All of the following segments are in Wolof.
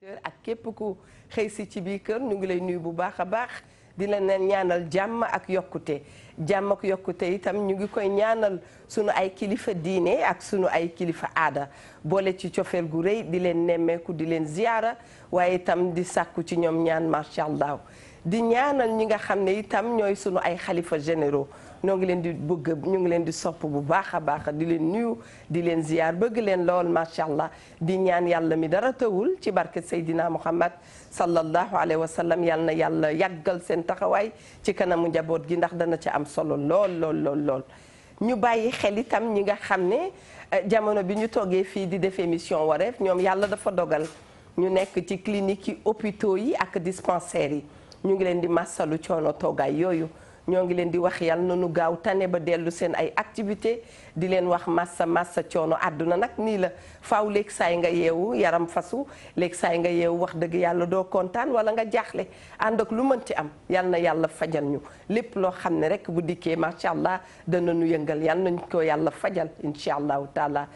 ak képp ku xëy si ci biir kër ñu ngi lay nuyu bu baax a baax di la leen ñaanal jàmm ak yokkute jàmm ak yokkute itam ñu ngi koy ñaanal sunu ay kilifa diine ak sunu ay kilifa aada boole ci cofeel gu rëy di leen nemmeeku di leen ziyaara waaye itam di sàkku ci ñoom ñaan macha allah di ñaanal ñi nga xam ne itam ñooy sunu ay xalifa généraux ñoo ngi leen di bëgg ñu ngi leen di sopp bu baax a baax di leen nuyu di leen ziyaar bëgg leen lool macha allah di ñaan yàlla mi dara tawul ci barke Seydina Muhammad sallallahu alayhi wa sallam yal na yàlla yàggal seen taxawaay ci kanamu njaboot gi ndax dana ci am solo lool lool lool ñu bàyyi xel itam ñi nga xam ne eh, jamono bi ñu toogee fii di def émission wareef ñoom yàlla dafa dogal ñu nekk ci clinique yi hôpitaux yi ak dispensaires yi ñu ngi leen di massalu coono toogaay yooyu. ñoo ngi leen di wax yal na nu gaaw tane ba dellu seen ay activité di leen wax massa massa coono àdduna nag nii la faw faaw saa saay nga yeewu yaram fasu saa yi nga yeewu wax dëgg yàlla doo kontaan wala nga jaaxle ànd ak lu mënti am yal na yàlla fajal ñu lépp loo xam ne rek bu dikkee macha allah dana nu yëngal yal nañ ko yàlla fajal incha allah taala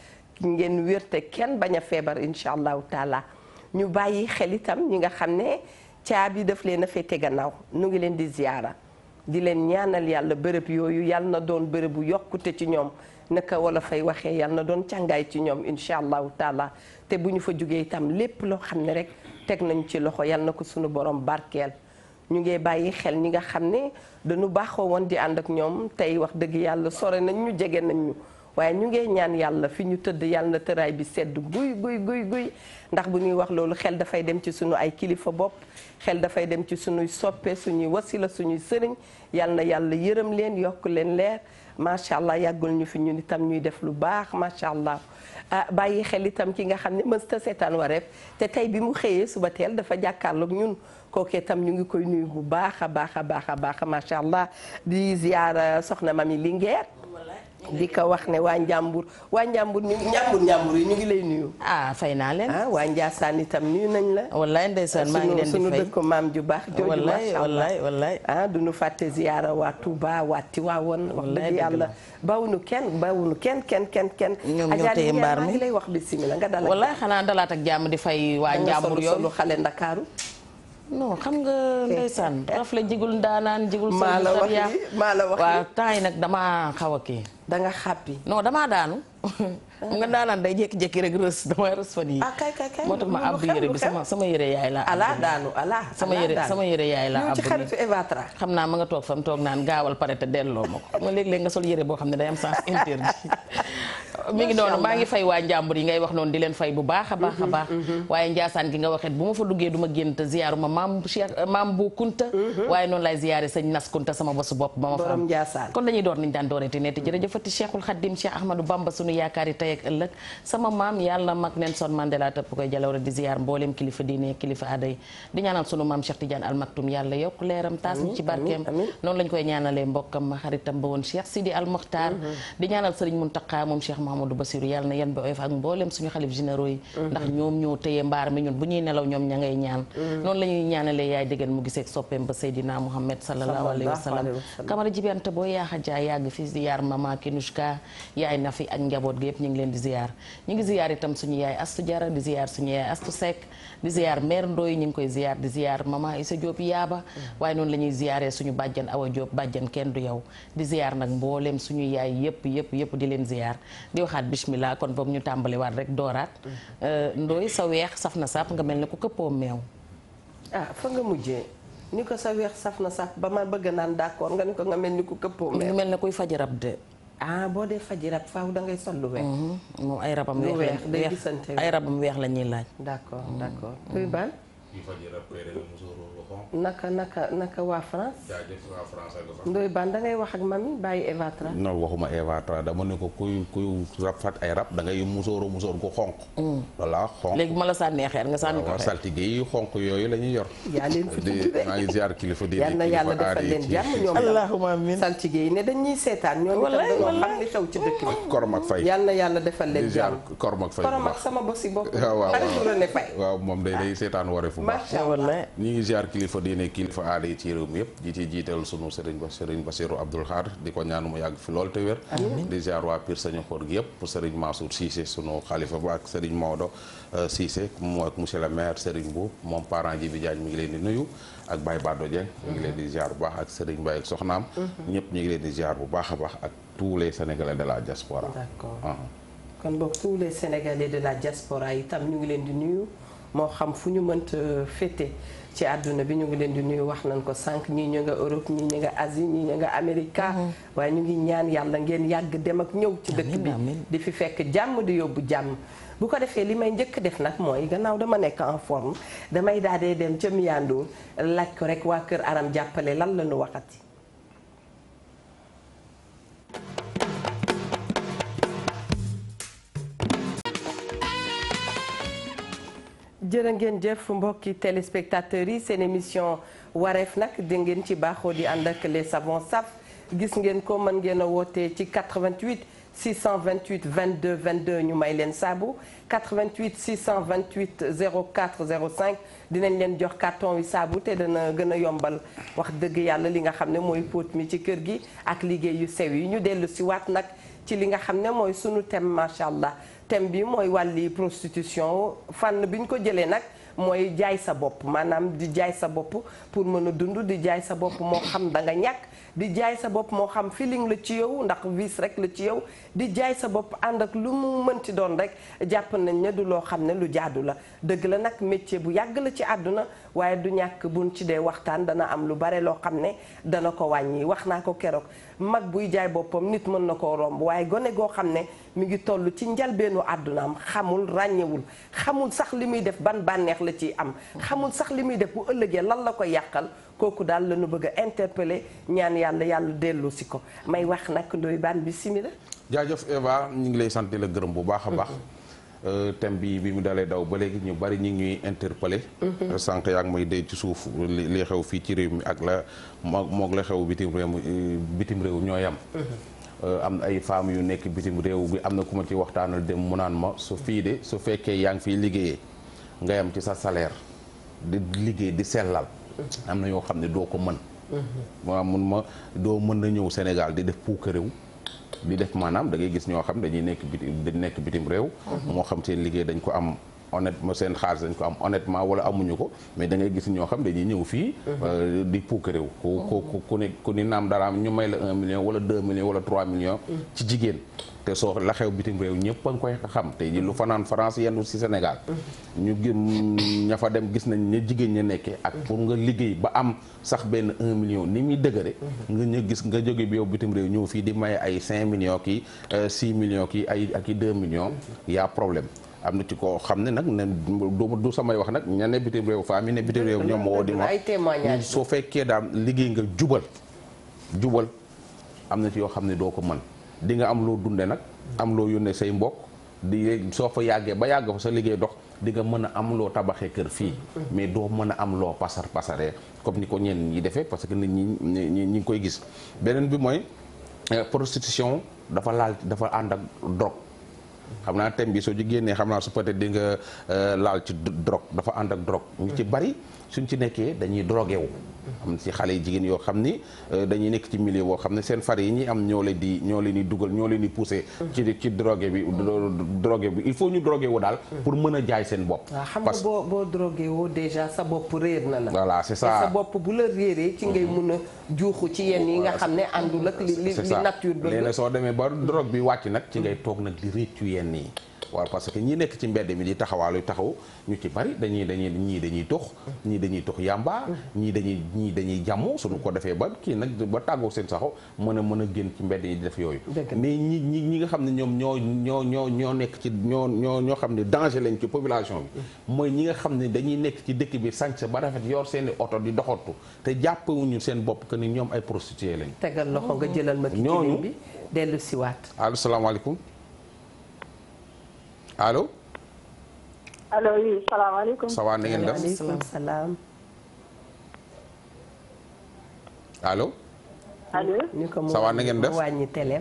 ngeen wér kenn bañ a feebar incha allah taala ñu bàyyi xel itam ñi nga xam ne caabi daf leen a féete gannaaw ngi leen di ziyaara di leen ñaanal yàlla bërëb yooyu yàlla na doon bërëbu yokkute ci ñoom naka wala fay waxee yàlla na doon càngaay ci ñoom incha allahu taala te bu ñu fa jugee itam lépp loo xam ne rek teg nañ ci loxo yàlla na ko suñu borom barkeel ñu ngee bàyyi xel ñi nga xam ne dañu baaxoo woon di ànd ak ñoom tey wax dëgg yàlla sore nañ ñu jege nañ ñu waaye ñu ngee ñaan yàlla fi ñu tëdd yàlla na tëraay bi sedd guy guy guy guy ndax bu ñuy wax loolu xel dafay dem ci suñu ay kilifa bopp xel dafay dem ci suñuy soppee suñuy wasila suñuy sëriñ yàlla na yàlla yërëm leen yokk leen leer macha allah yàggul ñu fi ñun itam ñuy def lu baax macha allah ah bàyyi xel itam ki nga xam ne mës ta seetaan wareef te tey bi mu xëyee suba teel dafa jàkkaarloog ñun kookee itam ñu ngi koy nuyu bu baax a baax a baax a baax macha allah di ziar soxna mami Linguère di ka wax ne waa Njàmbur waa Njàmbur ñu Njàmbur Njàmbur yi ñu ngi lay nuyu. ah fay naa leen. ah waa Ndiassane itam nuyu nañ la. wallaay ndeysaan maa ngi leen di fay sunu maam ju baax. jooju macha wallaay wallaay ah, du nu fàtte ziyaara waa Touba waa Tiwaawoon. wax dëgg yàlla bawunu kenn bawunu kenn kenn kenn kenn. ñoom ñoo téye mbaar mi lay wax bisimilah nga dalal. wallaay xanaa dalaat ak jàmm di fay waa Njàmbur yow xale Ndakaaru non xam nga ndeysaan eh, eh. raf la jigul ndaanaan jigul maa la wax maa la wax temps nag damaa xaw a kii danga nga xàppi non damaa daanu xam nga ndaanaan day jékki-jékki rek rës damay rës fan yi ah, moo tax ma àbb yére bi sama sama yére yaay laa ala daanu ala sama yére sama yére yaay laa àbb ci xam naa ma nga toog fam toog naan gaawal pare te delloo ma ko xam nga léeg nga sol yére boo xam ne day am sens interdit mi ngi noonu maa ngi fay waa njàmbur yi ngay wax noonu di leen fay bu baax a baax a mm-hmm, baax mm-hmm. waaye njaasaan gi nga waxet bu ma fa duggee du ma génn te ziyaaru ma maam eh, bu mm-hmm. nas kunta sama bosu bopp ba ma fa am kon daan dooreeti netti jërëjëfati Cheikhul sunu yaakaar yi ëllëg sama maam yàlla mag Nelson Mandela tëpp koy jalawra di ziyaar mbooleem kilifa diine kilifa aada yi di ñaanal sunu maam Cheikh Tidiane Al Maktoum yàlla yokk leeram taas ñu ci barkeem noonu lañ koy ñaanalee mbokkam ma xaritam ba woon Cheikh Sidi di ñaanal Amadou Bassirou yàlla na yan bi oyof ak mboolem suñu xalif généraux yi mm-hmm. ndax ñoom ñoo téye mbaar mi ñun bu ñuy nelaw ñoom ña ngay ñaan mm-hmm. noonu la ñuy yaay dëggeen mu gisee soppeem ba Seydina Mouhamed sallallahu alayhi wa sallam kamara jibante boo yaaxa jaay yàgg fi ziyaar mama Kinushka yaay na fi ak njaboot gi yëpp ñu ngi leen di ziyaar ñu ngi ziyaar itam suñu yaay Astu Jara di ziyaar suñu yaay Astu Seck di ziar mère Ndoy ñu ngi koy ziar di ziar maman Issa Diop yaaba mm. waaye noonu la ñuy ziaree suñu bàjjan Awa Diop bàjjan kenn du yow di ziar nag mbooleem suñu yaay yëpp yëpp yëpp di leen ziar di waxaat bismillah kon boobu ñu tàmbaliwaat rek dooraat mm-hmm. euh, Ndoy sa weex saf na sàpp nga mel ne ku këppoo meew ah fa nga mujjee ni ko sa weex saf na saf ba ma bëgg naan d'accord nga ni ko nga mel ni ku këppoo meew mel ne kuy fajarab de ah boo dee faji rab faaw da ngay sol lu weex. Mhm. moom ay rabam weex ay rabam weex la ñuy laaj. d'accord mhm. d'accord kuy mhm. baal. kuy faji naka naka naka waa France. jaajëf waa France ak da ngay wax ak mami bàyyi Eva Tra. non waxuma Eva Tra dama ne ko kuy kuy rab fat ay rab da ngay musóoro musóor gu xonq. Mm. voilà xonq léegi ma la sànnee xeer nga sànni ko xeer. saltige xonq yooyu lañuy yor. yaa leen fi kilifa di yal na yàlla defal leen jàmm ñoom allahumma amiin saltige yi ne dañuy seetaan ñoom itam dañoo ci dëkk bi. korom fay yal yàlla defal leen jàmm korom ak sama bosi bopp. waaw moom day day seetaan wareefu baax. macha allah ñi ngi ziar kilifa kilifa diine kilifa aada yi ci réew mi yëpp di ci jiital sunu Serigne Ba Serigne Bassirou Abdoul Khadr di ko ñaan mu yàgg fi lool te wér. di ziar waa Pire Sañu Xor gi yëpp Serigne Mansour Cissé sunu xalifa ba ak Serigne Maodo euh, Cissé mu ak monsieur le maire Serigne bu moom parent ji bi Diagne ngi leen di nuyu. ak Baye Bado Dieng ngi leen di ziar bu baax ak Serigne Baye ak Soxnaam. Mhm. ñëpp ñu leen di ziar bu baax a ak tous les de la diaspora. d'accord ah. kon boog tous itam ñu ngi leen di nuyu moo xam ci àdduna bi ñu ngi leen di nuyu wax nañ ko sànq ñii ñu nga Europe ñii ñu nga Asie ñii ñu nga Amérique mm-hmm. waaye ñu ngi ñaan yàlla ngeen yàgg dem ak ñëw ci dëkk bi di fi fekk jàmm di yóbbu jàmm bu ko defee li may njëkk def nag mooy gannaaw dama nekk en forme damay daadee dem ca Miandoo laaj ko rek waa kër Aram jàppale lan la ñu waxati jërë ngeen jëf mbokki téléspectateurs yi seen émission wareef nag di ci baaxoo di ànd ak les savants saf gis ngeen ko man ngeen a wootee ci 88 628 22 22 ñu may leen saabu 88 628 04 05 dinañ leen jox carton wi saabu te dana gën a yombal wax dëgg yàlla li nga xam ne mooy póot mi ci kër gi ak liggéey yu sew yi ñu dellu si waat nag ci li nga xam ne mooy sunu thème macha allah. thème bi mooy wàlli prostitution fànn bi ñu ko jëlee nag mooy jaay sa bopp maanaam di jaay sa bopp pour mën a dund di jaay sa bopp moo xam da nga ñàkk di jaay sa bopp moo xam feeling la ci yow ndax vis rek la ci yow di jaay sa bopp ànd ak lu mu mënti doon rek jàpp nañ ne loo xam ne lu jaadu la dëgg la nag métier bu yàgg la ci àdduna waaye du ñàkk buñ ci dee waxtaan dana am lu bare loo xam ne dana ko wàññi wax naa ko keroog mag buy jaay boppam nit mën na koo romb waaye gone goo xam ne mi ngi toll ci njalbeenu àddunaam xamul ràññewul xamul sax li muy def ban bànneex la ciy am xamul sax li muy def bu ëllëgee lan la ko yàqal kooku daal la ñu bëgg a interpeller ñaan yàlla yàlla delloo si ko may wax nag ndoy baan bi simila jaajëf Eva ñu ngi lay sant la gërëm bu baax a baax mm-hmm. euh, thème bi bi mu dalee daw ba léegi ñu bari ñu ngi ñuy interpellé mm-hmm. sànq yaa ngi may ci suuf xew fii ci réew mi ak la moo moog la xew bitim réew euh, bitim réew ñoo yam mm-hmm. euh, am ay femmes yu nekk bitim réew bi am na ku ma ci waxtaanal dem mu naan ma su fii de su fekkee yaa ngi fiy liggéeyee nga yam ci sa salaire di liggéey di sellal am na yoo xam ne doo ko mën waaw mun ma doo mën na ñëw Sénégal di def puukaréew di def maanaam dangay gis ñoo xam dañuy nekk bitim dañ nekk bitim réew mhm. moo xam seen liggéey dañ ko am ma seen xaalis dañ ko am honnêtement wala amuñu ko mais da ngay gis ñoo xam dañuy ñëw fii mhm. euh, di puukaréew ku ku ku ni ku ni naam dara ñu may la un million wala deux millions wala trois millions mhm. ci jigéen te soo la xew bitim réew ñëpp a koy xam te ji lu fanaan France yendu si Sénégal ñu gën ña fa dem gis nañ ña jigéen ña nekkee ak pour nga liggéey ba am sax benn un million ni muy dëgëre nga ñu gis nga jóge bi yow bitim réew ñëw fii di maye ay cinq millions kii euh, six millions kii ay ak i deux million y'a problème am na ci koo xam ne nag ne du samay wax nag ña ne bitim réew fa mi ne bitim réew ñoom woo di ma soo fekkee daal liggéey nga jubal jubal am na ci yoo xam ne doo ko mën di nga am loo dunde nag am loo yónnee say mbokk di soo fa yàggee ba yàgg fa sa liggéey dox di nga mën a am loo tabaxee kër fii mais doo mën a am loo pasar pasaree comme ni ko ñenn ñi defee parce que nit ñi ñi ngi koy gis beneen bi mooy euh, prostitution dafa laal dafa ànd ak dog xam naa thème bi soo ci génnee xam naa su peut-être nga euh, laal ci drogue dafa ànd ak drogue. ñu ci bari suñ ci nekkee dañuy drogué wu. am ci xale yi jigéen yoo xam ni euh, dañuy nekk ci milieu boo xam ne seen far yi ñi am ñoo leen di ñoo leen di dugal ñoo leen di poussé. ci ci drogué bi drogué bi il faut ñu drogué wu daal. pour mën a jaay seen bopp. parce xam nga boo boo drogué woo déjà sa bopp réer na la. voilà c'est ça sa bopp bu la réeree ci ngay mhm. mun a juuxu ci yenn yi nga xam ne àndul ak li li nature. léegi soo demee ba drogue bi wàcc nag ci ngay mm. toog nag di yenn yi parce que ñi nekk ci mbedd mi di taxawaalu taxaw ñu ci bari dañuy dañuy ñii dañuy tox ñii dañuy tox yàmba ñii dañuy ñii dañuy jàmm suñu ko defee ba kii nag ba tàggoo seen saxo mën a mën a génn ci mbedd yi def yooyu mais ñi ñi ñi nga xam ne ñoom ñoo ñoo ñoo ñoo nekk ci ñoo ñoo ñoo xam ne danger lañ ci population bi mooy ñi nga xam ne dañuy nekk ci dëkk bi sañse ba rafet yoor seen i oto di doxatu te jàppewuñu seen bopp que ni ñoom ay prostitué lañ tegal loxo nga jëlal ma ci ñooñu bi dellu siwaat asalaamaaleykum allo. allo oui salaamaaleykum. ngeen def maaleykum salaam. allo. allo. ñu ko ça def wàññi télé.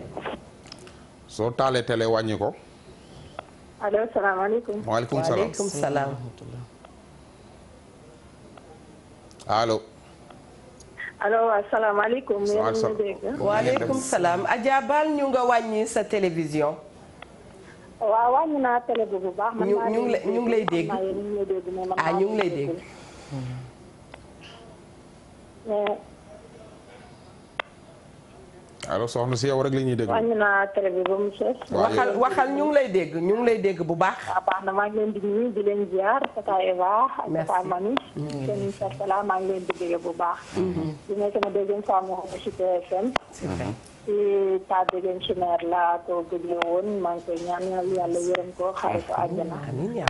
soo taalee télé wàññi ko. allo salaamaaleykum. waaleykum salaam waaleykum salaam. allo. allo asalaamaaleykum. salaam. Adja Bal ñu nga wàññi sa télévision. waaw wàññi naa télé bi bu baax. man ñu ñu ngi ñu ngi lay dégg ah ñu ngi lay dégg. allo soxna si yow rek la ñuy dégg. wàññi naa télé bi ba mu seet. waxal waxal ñu ngi lay dégg ñu ngi lay dégg bu baax. waaw ah, baax na maa ngi leen di nuyu di leen ziar Tata Eva. merci ak Tata Mami. Mm-hmm. seen Incha allah maa ngi leen di dégg bu baax. Mm-hmm. di nekk na deuxième fois mu xam ci TFM. ci Pade Guenchumère laa ko gëjee woon maa ngi koy ñaanal yàlla yërëm ko ko àjjana. amiin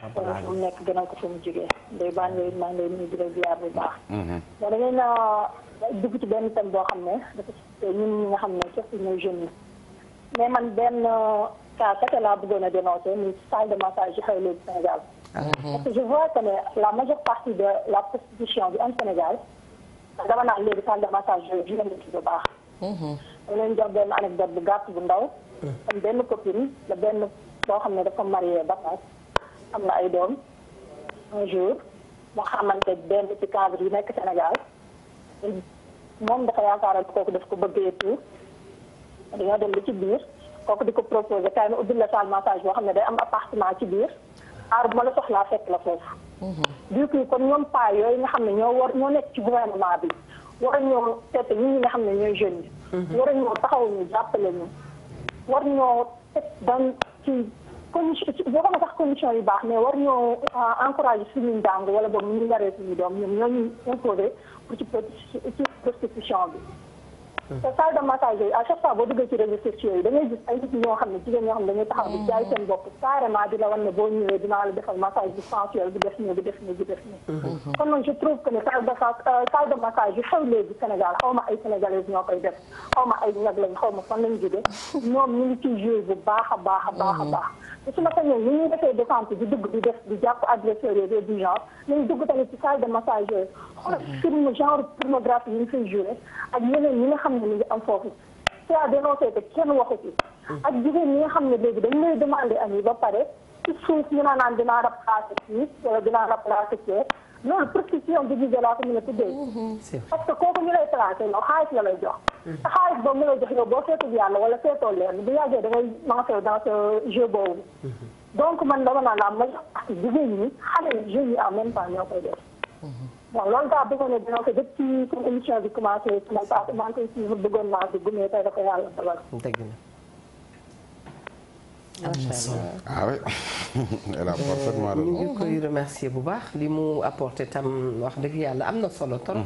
fu nekk gën a ko fu mu jógee. day baax nga maa ngi lay nuyu di la ziar bu mm-hmm. a dugg ci benn thème boo xam ne dafa ñun ñi nga xam ne surtout ñooy jeunes yi. mais man benn cas kese laa bëggoon a dénoncé muy salle de massage yi Sénégal. Mm-hmm. parce que je vois que la majeure partie de la prostitution bi am Sénégal dama naan léegi salle de massage yooyu jigéen bu baax. Mm-hmm. dama leen jox benn anecdote bu gàtt bu ndaw. am benn copine la benn boo xam ne dafa marié ba tas am na ay doom un jour mu xamante benn ci cadre yu nekk Sénégal moom dafa ku kooku daf ko bëggee tout dañoo dem ba ci biir kooku di ko proposé kaay ma ubbil la salle massage boo xam ne day am appartement ci biir aar bu ma la soxlaa fekk la foofu. du coup kon ñoom paa yooyu nga xam ne ñoo war ñoo nekk ci gouvernement bi war ñoo seet ñi nga xam ne ñoo jeunes yi. war ñoo taxaw ñu jàppale ñu war ñoo teg dan ci condition boo xam ne sax condition yu baax mais war ñoo encouragé suñu njàng wala boobu ñu ngi waree suñu doom ñoom ñoo ñu pou pour ci prostitution bi Mm. te massage yooyu à chaque fois boo duggee ci réseaux sociaux yooyu da ngay gis ay nit ñoo xam ne jigéen ñoo xam ne dañuy taxaw di jaay seen bopp carrément la wan ne massage bu sensuel bu def nii bu def nii bu def nii mm-hmm. Mm-hmm. kon nag euh, massage yu xew léegi Sénégal xaw ma ay sénégalaises ñoo koy def xaw ma ay ñag lañ ma fan lañ jóge ñoom ñu ngi ciy joué a a baax a mm-hmm. baax te su ma sañoon massage yooyu xool film genre pornographie yi ñu fay joué ak yeneen ñi nga xam ne mi ngi am foofu c'est à dénoncer te kenn waxu ci ak jigéen ñi nga xam ne léegi dañ lay demandé am yi ba pare ci suuf ñu naan naan dinaa remplacer kii wala dinaa remplacer kii loolu prostitution déguisée laa ko mën a tuddee parce que kooku ñu lay placé yow xaalis la lay jox mm-hmm. te xaalis boobu mu lay jox yow boo seetul yàlla wala seetoo leen bu yàggee da ngay lancer dans ce jeu boobu mm-hmm. donc man dama naan la ma jigéen ñi xale yi jeunes yi en même temps ñoo koy def mm-hmm. waaw loolu tax bëggoon na dina ko depuis comme émission bi commencé man tax maa ngi koy suivre bëggoon naa dugg mais tey dafa yàlla dogal. dëgg ah oui a euh, parfaitement raison koy remercier bu baax li mu apporté tam wax dëgg yàlla am na solo trop.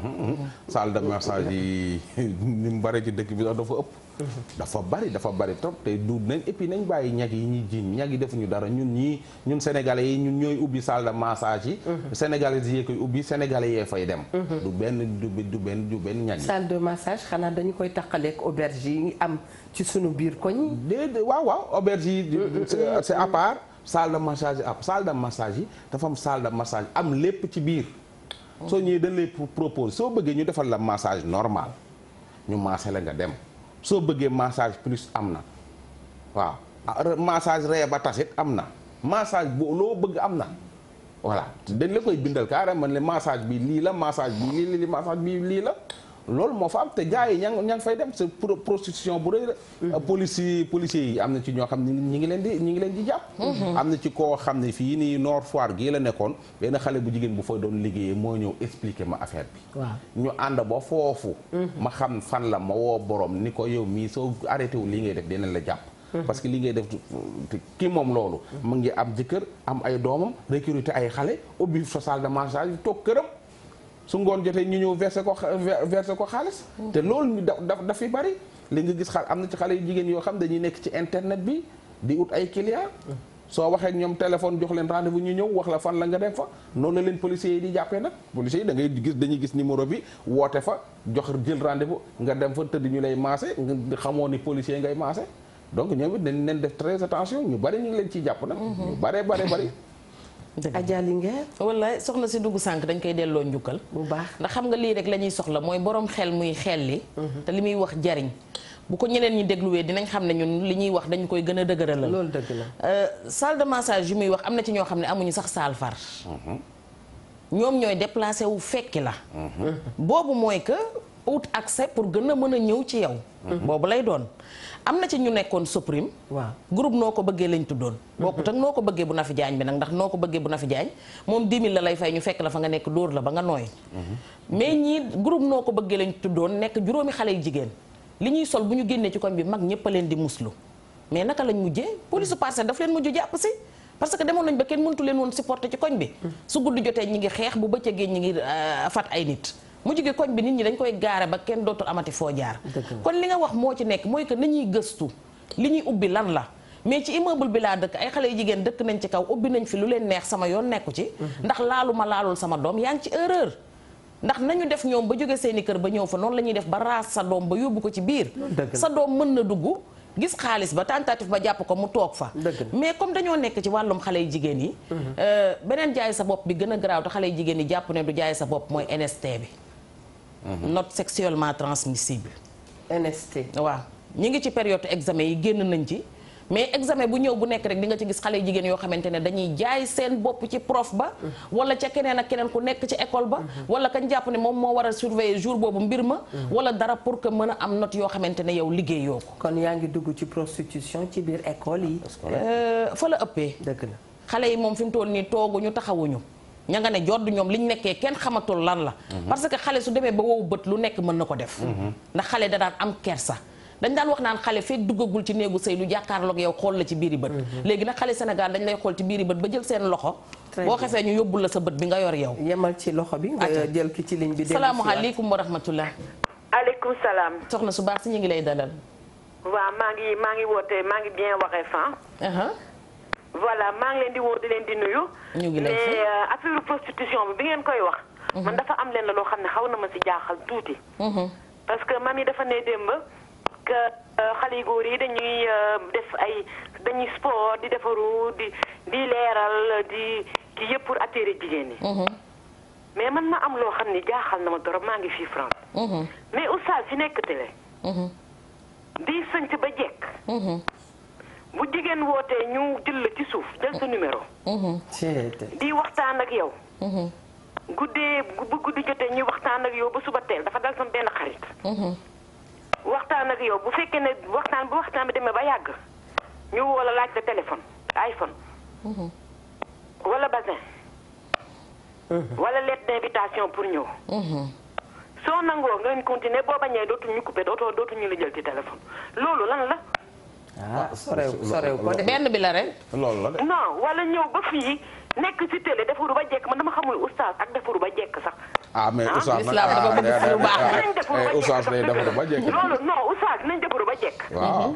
salle de massage yi ni mu bare ci dëkk bi dafa ëpp. dafa bari dafa bari trop te du nañ et puis nañ bàyyi ñag yi ñuy jiiñ ñag yi defuñu dara ñun ñi ñun sénégalais yi ñun ñooy ubbi salle de massage yi. sénégalais yee koy ubbi sénégalais yee fay dem. du benn du benn ñag yi. salle de massage xanaa dañu koy takkaleeg auberge yi am. ci sunu biir koñ yi. déedéet waaw waaw auberge yi. Euh, euh, euh, c'est à part salle de massage ab ah, salle de massage yi dafa am salle de massage am lépp ci biir. soo ñëwee dañ lay propose soo bëggee ñu defal la massage normal ñu massé la nga dem soo bëggee massage plus am na waaw ah, massage ree ba tasit am na massage boo loo bëgg am na voilà dañ la koy bindal carrément ne massage bi lii la massage bi lii la massage bi lii la. loolu moo fa am te gars yi ña ña fay dem c'est prostitution bu rëy la mm-hmm. euh, police policiers yi am na ci ñoo xam ne ñu ngi leen di ñu ngi leen di jàpp mm-hmm. am na ci koo xam ne fii nii Nord Foire gii la nekkoon benn xale bu jigéen bu fa doon liggéeyee moo ñëw expliquer ma affaire bi ñu ànd ba foofu mm-hmm. ma xam fan la ma woo borom ni ko yow mii soo arrêté wu li ngay def dinañ la jàpp parce que li ngay def kii moom loolu mu ngi am jëkkër am ay doomam recruter ay xale ubbi salle de toog këram su ngoon jotee ñu ñëw verser ko verser ko xaalis mm. te loolu da daf fi bari li nga gis xal am na ci xale yu jigéen yoo xam dañuy nekk ci internet bi di ut ay clients mm. soo waxee ñoom téléphone jox leen rendez bu ñu ñëw wax la fan la nga dem fa noonu la leen policiers yi di jàppee nag policiers yi da ngay gis dañuy gis numéro bi woote fa jox jël rendez-vous nga dem fa tëdd ñu lay maase nga xamoo ni policier ngay maase donc ñoom it dañ leen def très attention ñu bari ñu ngi leen ciy jàpp nag mm-hmm. ñu bare bare bari Adja Linguère wala soxna si dugg sànq dañ koy delloo njukkal bu baax ndax xam nga lii rek la ñuy soxla mooy borom xel muy xel li mhm. te li muy wax jariñ bu ko ñeneen ñi dégluwee dinañ xam ne ñun li ñuy wax dañu koy gën a dëgëralal loolu dëgg la euh, salle de massage yu muy wax am na ci ñoo xam ne amuñu sax saal far mhm. ñoom ñooy déplacé wu fekki la mhm. boobu mooy que out accès pour gën a mën a ñëw ci yow boobu lay doon am na ci ñu nekkoon Supreme. waaw groupe noo ko bëggee lañ tuddoon. Mhm. bokkut ak noo ko bëggee bu na jaañ bi nag ndax noo ko bëggee bu na fi moom 10 000 la lay fay ñu fekk la fa nga nekk dóor la ba nga nooy. Mhm. mais ñii groupe noo ko bëggee lañ tuddoon nekk juróomi xale yu jigéen. li ñuy sol bu ñu génnee ci koñ bi mag ñëpp leen di muslu mais naka lañ mujjee police mhm. parce daf leen mujj jàpp si. parce que demoon nañ ba kenn mëntu leen woon supporter ci koñ bi. su guddi jotee ñi ngi xeex ngi euh, fat ay nit. mu jige koñ bi nit ñi dañ koy gaare ba kenn dootul amati foo jaar kon li nga wax moo ci nekk mooy que nañuy gëstu li ñuy ubbi lan la mais ci immeuble bi laa dëkk ay xale yu jigéen dëkk nañ ci kaw ubbi nañ fi lu leen neex sama yoon nekku ci mhm. ndax laalu ma laalul sama doom yaa ngi ci erreur ndax nañu def ñoom ba jóge seeni kër ba ñëw fa noonu la ñuy def ba raas sa doom ba yóbbu ko ci biir sa doom mën na dugg gis xaalis ba tentative ba jàpp ko mu toog fa mais comme dañoo nekk ci wàllum xale yu jigéen yi mhm. euh, beneen jaay sa bopp bi gën a garaaw xale yu jigéen yi jàpp ne du jaay sa bopp mooy NST bi Mhm. not sexuellement transmissible NST waaw ñi ngi ci période examen yi génn nañ ci mais examen bu ñëw bu nekk rek di nga ci gis xale jigéen yoo xamante ne dañuy jaay seen bopp ci prof ba mhm. wala ca keneen ak keneen ku nekk ci école ba mhm. wala kañ jàpp ne moom moo war a surveiller jour boobu mbir ma wala dara pour que mën a am not yoo xamante ne yow liggéeyoo ko kon yaa ngi dugg ci prostitution ci biir école yi euh, fa la ëppee dëgg la xale yi moom fi mu toll nii tooguñu taxawuñu ña nga ne jodd ñoom liñ nekkee kenn xamatul lan la mhm. parce que xale su demee ba wow bët lu nekk mën na ko def mhm. ndax xale da daan am kersa dañ daan wax naan xale fekk duggagul ci néegu sëy du look yow xool la ci biiri bët mhm. léegi nag xale Sénégal dañ lay xool ci biiri bët ba jël seen loxo boo xefee ñu yóbbul la sa bët bi nga yor yow yemal ci loxo bi nga jël ki ci ligne bi salaamaaleykum wa rahmatullah aleykum salaam soxna su baax si ñu ngi lay dalal waaw maa ngi maa ngi woote maa ngi bien waxee fan uh-huh. voilà maa ngi leen di woo di leen di nuyu. ñu ngi mais euh, affaire prostitution bi bi ngeen koy wax. Mhm. man dafa am leen la loo xam ne xaw na ma ci jaaxal tuuti. Mhm. parce que mam yi dafa ne démb que euh, xale yi dañuy euh, def ay dañuy sport di defaru di di leeral di ki yëpp pour attirer jigéen ñi. Mhm. mais man ma am loo xam ne jaaxal na ma trop maa ngi fii France. mais oustaz si nekk télé. di sënc ba jekk. bu jigéen wootee ñu jël la ci suuf jël sa numéro. Mm-hmm. di waxtaan ak yow. Mm-hmm. guddee bu guddi jotee ñuy waxtaan ak yow ba suba teel dafa dal sama benn xarit. Mm-hmm. waxtaan ak yow bu fekkee ne waxtaan bu waxtaan bi demee ba yàgg ñu woo la laaj sa téléphone iPhone. wala bazin. wala lettre d'invitation pour ñëw. soo nangoo ngeen continuer boo bañee dootuñu coupé dootoo dootuñu la jël ci téléphone loolu lan la. ah sorew benn bi la ren. loolu la de. non wala ñëw ba fii nekk ci télé defaru ba jekk man dama xamul oustaz ak defaru ba jekk sax. ah mais ah? oustaz nag mais ah, ah, eh, oustaz day ba jekk. loolu non oustaz nañ defaru ba jekk. Mhm.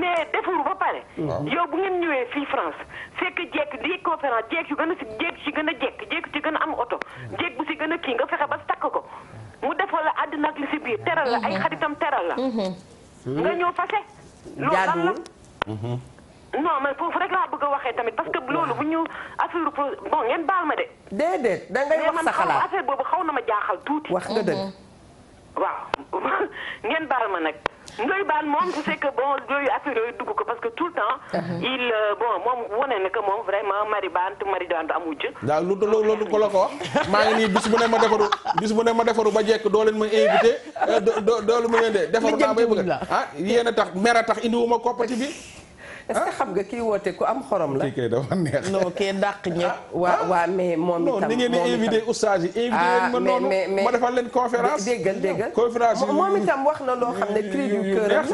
mais defaru ba pare. yow bu ngeen ñëwee fii France fekk jekk di conférence jekk yu gën a si jekk a jekk ci gën a am oto jekk bu si gën a kii nga fexe ba takk ko mu defal la àddina ak li si biir teral la ay mhm. xaritam teral la. Mhm. nga ñëw fase. jaaduwul non mhm. man foofu rek laa bëgg a waxee tamit parce que loolu bu ñu affaire pro bon ngeen baal ma de. déedéet da ngay wax sa xalaat affaire boobu xaw na ma jaaxal tuuti. wax nga dëgg. Mhm. waaw ngeen baal ma nag. Ndoye Bane moom je sais que bon yooyu affaire dugg ko parce que tout temps. Uh-huh. il euh, bon moom wane na que moom vraiment mari baan te mari daan du am wujj. waaw lu loolu ko la ko wax ma defaru bis bu ne ma defaru ba jekk doo leen ma invité euh, doo doo lu ma leen de defaru naa bay bëgg ah yéen a tax mer a tax indiwuma koppati bi. est-ce que ah. xam nga kii woote ku la. kii kay dafa neex. non kii dàq ñëpp. Ah, ah. waa waa mais moom itam non ni ngeen di invité oustaz yi. invité leen ma noonu ma defal leen conférence. déggal wax na loo xam ne cri du cœur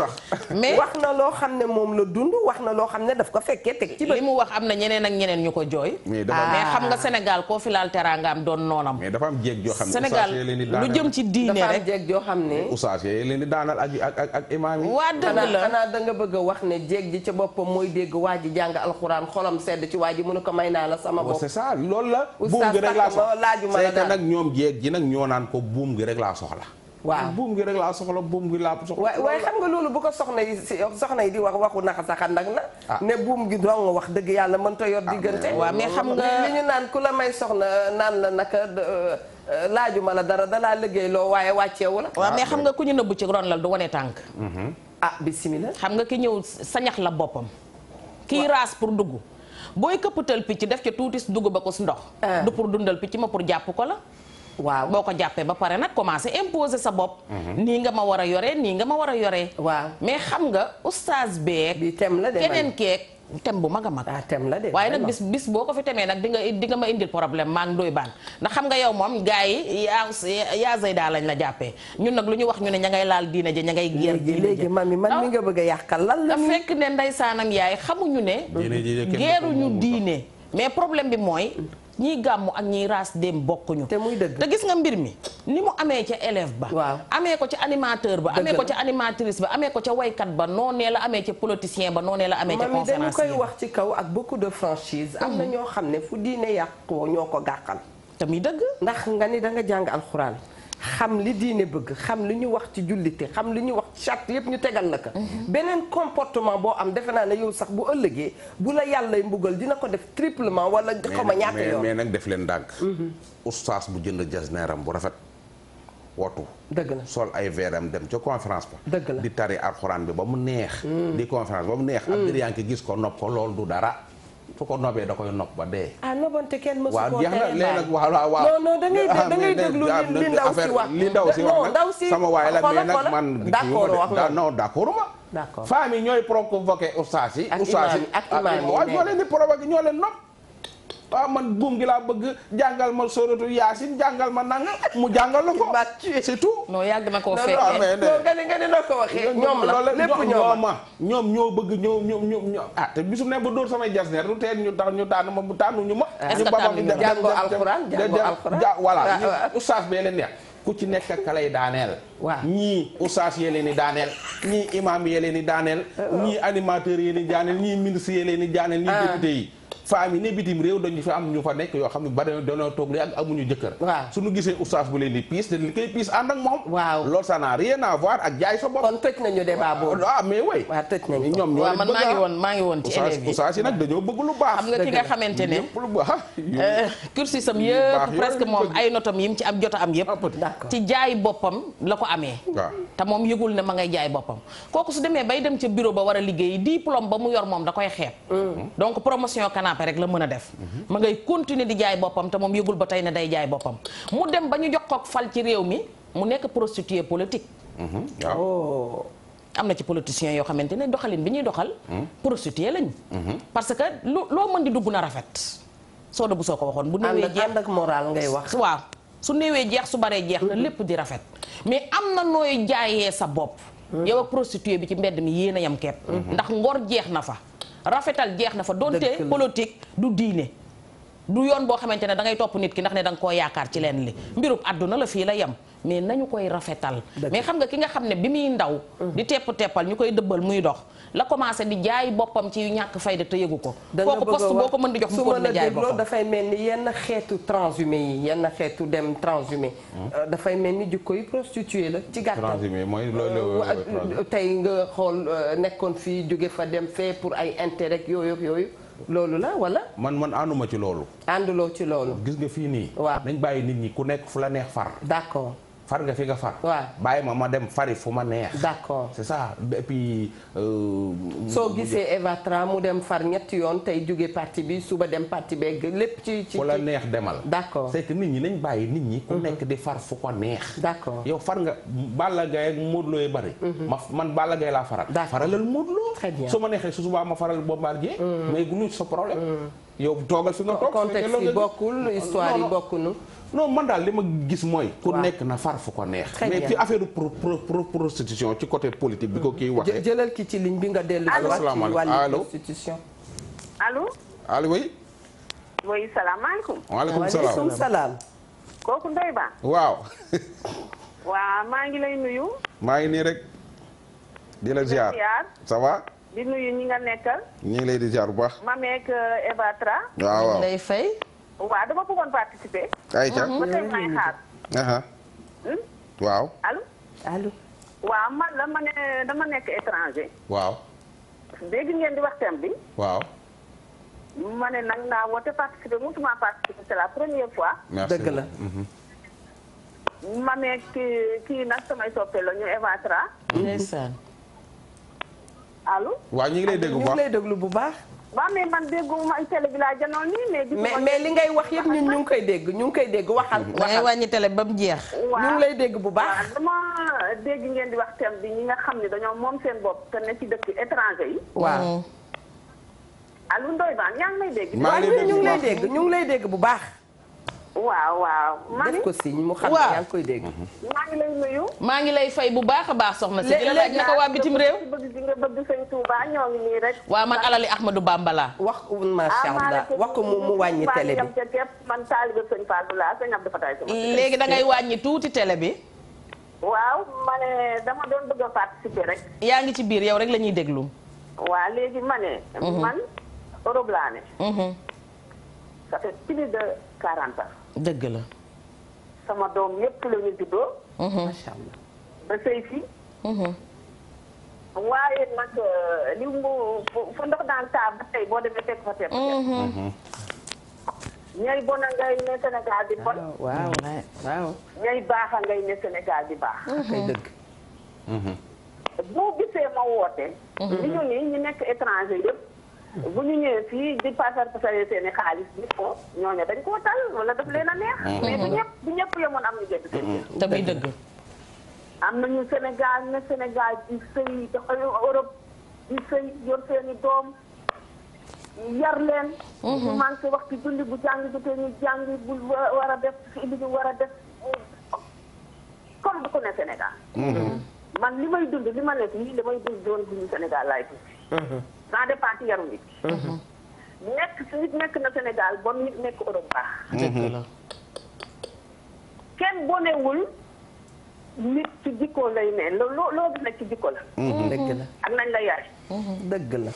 mais loo xam ne moom la dund wax na loo xam ne daf ko fekkee teg ci bët. li mu wax am na ñeneen ak ñeneen ñu ko jooy. mais xam nga Sénégal koo fi laal teraangaam doon noonam. mais dafa am jéeg joo xam ne Sénégal lu jëm ci diine rek dafa joo xam ne. oustaz yee leen di daanal ak ak ak imaam waa dëgg la xanaa da nga wax ne jéeg ji ca boppam boppam mooy dégg waa ji jàng alxuraan xolam sedd ci waa ji mu ne ko may naa la sama oh, bopp c'est ça loolu la buum gi rek laa soxla ma la ñoom jeeg ji nag ñoo naan ko buum gi rek laa soxla waaw buum gi rek laa soxla buum gi laa soxla waaye xam nga loolu bu ko soxna yi si soxna yi di wax waxu naxasaxan nag na ah. ne buum gi dong wax dëgg yàlla mënta yor ah, diggante waa mais xam nga li ñu naan ku la may soxna naan la naka euh, euh, laaju ma la dara dalaa liggéey loo waaye wàcceewu la waaw mais xam nga ku ñu nëbbu ci ron lal du wane tànk mm-hmm. ah bisimilah. xam nga ko ñëw sañax la boppam. kii raas pour dugg. booy këpputal picc def ca tuuti dugg ba ko su ndox. Ah. du pour dundal picc ma pour jàpp ko la. waaw boo ko jàppee ba pare nag commencé imposer sa bopp. Mhm. nii nga ma war a yoree nii nga ma war a yoree. waaw mais xam nga oustaz beeg. bi tem la keneen keek. tem bu mag a mag. Ah, tem la de waaye nag bis boo ko fi temee nag dinga nga di nga ma indil problème maa ngi doy baan ndax xam nga yow moom gars yi yaa yaa lañ la jàppee ñun nag lu ñu wax ñu ne ña ngay laal diina ja ña ngay. gerte gi léegi mi man ah. mi nga bëgg a yàqal lan la. fekk ne ndeysaanam yaay xamuñu ne. ñu diine mais problème bi mooy. Mm. ñiy gàmmu ak ñiy raas dem bokkuñu. te muy dëgg te gis nga mbir mi ni mu amee ca élève ba. waaw amee ko ca animateur ba. amee ko ca animatrice ba amee ko ca waykat ba noonee la amee ca politicien ba noonee la amee ca conférencier dañu koy wax ci kaw ak beaucoup de franchise. am na mmh. ñoo xam ne fu diine yàqoo ñoo ko gàqal. te muy dëgg. ndax nga ni danga nga jàng alxuraan. xam li diine bëgg xam li ñu wax ci jullite xam li ñu wax ci charte yépp ñu tegal na ko mhm. beneen comportement boo am defe naa ne yow sax bu ëllëgee bu la yàllay mbugal dina ko def triplement wala xaw ma ñaata yoon mais nag def leen ndànk mhm. ustaas bu jënd jasneeram bu rafet wootu dëgg la sol ay veeram dem ca conférence ba dëgg di tari alxuraan bi ba mu neex mm. di conférence ba mu neex ak mm. gis ko nopp ko loolu du dara fu ko nobee da koy nopp ba dee. ah nobante kenn mësu koo tere waaw jeex na léegi nag waaw waaw. non non li ndaw si wax sama waay la mais man. d' accord wax nga non d' accord ma. d' accord femmes yi ñooy ah, ñoo leen di provoqué ñoo leen nopp. waaw man buum gi laa bëgg jàngal ma soratu yaasin jàngal ma nangam mu jàngal la ko. c'est tout. non yàgg na koo fekkee non nga ni nga ni noo ko waxee. ñoom la lépp ñoom ñoom ñoo bëgg ñoom ñoom ñoom ah te bisu ne ba dóor samay jasneer du tee ñu tax ñu tànn ma mu tànn ñu ma. est-ce que tànn ñu jàngoo alxuraan jàngoo alxuraan voilà ah, ah, ah. bee leen neex ku ci nekk ak yi daaneel. waaw ñii oustaz yee leen di daaneel. ñii imam yee leen di daaneel. ñii animateurs yee leen di daaneel ñii ministre yee leen di daaneel. ñii député yi. femmes yi ne bitim réew dañu fa am ñu fa nekk yoo xam ne ba dañoo toog lu yàgg amuñu jëkkër waaw suñu gisee oustaz bu leen di piis te li koy sa bopp kon moom ay notam yim ci am jota am yëpp ah, ci jaay boppam la ko amee te moom yëgul ne ma ngay jaay boppam kooku su demee bay dem ca bureau ba war a liggéey diplôme ba mu yor moom da koy xeeb mm. donc promotion kana kidnappé rek la mën a def ma ngay continuer di jaay boppam te moom yëgul ba tey na day jaay boppam mu dem ba ñu jox ko fal ci réew mi mu nekk prostituée politique mm-hmm. oh. am na ci politiciens yoo xamante ne doxalin bi ñuy doxal mm-hmm. prostituée lañu mm-hmm. parce que lu loo mën di dugg na rafet soo da bu soo ko waxoon bu néewee jeex ànd ak ngay wax waaw su néewee jeex su baree jeex na lépp di rafet mais am na nooy jaayee sa bopp yow ak prostituée bi ci mbedd mi yéen a yam kepp ndax ngor jeex na fa rafetal jeex na fa donte politique du diine du yoon boo xamante ne da ngay topp nit ki ndax ne da nga koo yaakaar ci leen li mbirub àdduna la fii la yem mais nañu koy rafetal mais xam nga ki nga xam ne bi muy ndaw mm-hmm. di tepp teppal ñu koy dëbbal muy dox la commencé di jaay boppam ci yu ñàkk fayda te yëgu ko kooku poste boo ko mën di jox mu ko dafay mel ni yenn xeetu yu yi yenn xeetu dem transhumé mm-hmm. euh, dafay mel ni jikko yi prostitué la ci gàttal mooy loolu euh, euh, tey nga xool nekkoon fii jóge fa dem fee pour ay intérêt yooyu yooyu loolu la wala. man man ànduma ci loolu. ànduloo ci loolu. gis nga fii nii. waaw nañ bàyyi nit ñi ku nekk fu la neex far. d'accord. far nga fi nga far. waaw bàyyi ma ma dem fari fu ma neex. d'accord c'est ça et puis. Euh, soo gisee Eva mu dem far ñetti yoon tey jóge parti bi suba dem parti beeg lépp ci ci. ku la neex demal. d'accord c'est que nit ñi nañ bàyyi nit ñi. ku mhm. nekk di far fu ko neex. d'accord yow far nga Balla Gaye ak Modou Lo yu bari. Mhm. ma man Balla Gaye laa faral. faralal Modou Lo. très bien su ma neexee su subaa ma faral Bombardier. Mhm. mais gulu sa problème. yow toogal fi nga toog. contexte yi bokkul histoire yi bokkunu. non man daal li ma gis mooy. ku nekk na far fu ko neex. mais ci affaire pro pro prostitution ci côté politique bi ko kii waxee. jëlal ki ci ligne bi nga dellu. allo asalaamaaleykum allo prostitution. allo. allo waaw. waaw maa ngi lay nuyu. maa ngi nii rek. di la ziar di nuyu ñi nga nekkal. ñu ngi lay di ziar bu baax. Mamek euh, Eva Tra. waaw waaw waa dama bëggoon participer. ayca ba tey may xaar. waaw. allo. allo. waaw man la ma ne dama nekk étranger. waaw. dégg ngeen di wax thème bi. waaw. ma ne nag naa woote participer mosuma participer c'est la première fois. merci dëgg la. Mm-hmm. ma ne kii kii nag samay soppe la ñu évatra. ndeysaan. allo. waa ñu ngi lay dégg bu baax déglu bu baax. waaw mais man déggu ma bi laa janoon nii mais. mais li ngay wax yëpp ñun ñu ngi koy dégg ñu ngi koy dégg waxal. Mhm. waxal da ngay wàññi télé ba mu jeex. ñu ngi lay dégg bu baax. dama dégg ngeen di wax thème bi ñi nga xam ne dañoo moom seen bopp te ne ci dëkk étranger yi. waa Alioune Ndoye Bane yaa ngi may maa ngi lay dégg ñu ngi lay dégg ñu ngi lay dégg bu baax. waaw waaw. man def ko signe mu xam ne yaa koy dégg. maa ngi lay nuyu. bu baax a baax soxna si. léegi léegi laaj naka waa bitim réew. waa nga bëgg sëñ Touba ñoo ngi nii rek. waaw man alali Ahmadou Bamba laa. wax ko macha wax ko mu mu wàññi télé bi. man taalibe sëñ Fallou laa sëñ Abdou léegi da ngay wàññi tuuti télé bi. waaw ma ne dama doon bëgg a participer rek. yaa ngi ci biir yow rek la ñuy déglu. waa léegi ma ne. man Europe laa ne. dëgg la. sama doom yépp la ñu juddoo. Mhm. macha allah ba sëy si. Mhm. waaye nag euh, li mu fa ndox daan taa ba tey boo demee fekk fa tey. Mhm. ñay bon a ngay ne Sénégal di bon. Ah, waaw waaw. baax a ngay ne Sénégal di baax. kay dëgg. boo gisee ma woote. li ñu nii ñu nekk étranger yépp. bu ñu ñëwee fii di pasar pasaree seen xaalis bi ko ñooñu dañ koo tal wala daf leen a neex. Mm-hmm. mais bu ñëpp bu ñëpp yemoon am ñu jënd seen mm-hmm. te muy dëgg. am nañu senegal na Sénégal di sëy dafa Europe di sëy yor seen i doom yar leen. bu mm-hmm. manqué waxtu julli bu jàng jotee ñu jàng bu war a def si li ñu war a def comme bu ko ne Sénégal. man li may dund li ma nekk nii li may dund doon dund Sénégal laay dund. ça dépend ci yaru nit nekk nit nekk na Sénégal bon nit nekk Europe baax kenn bonewul nit ci jikko lay ne loo loo gis nag ci jikko la mhm. Mhm. dëgg la ak nañ la yar mhm. dëgg la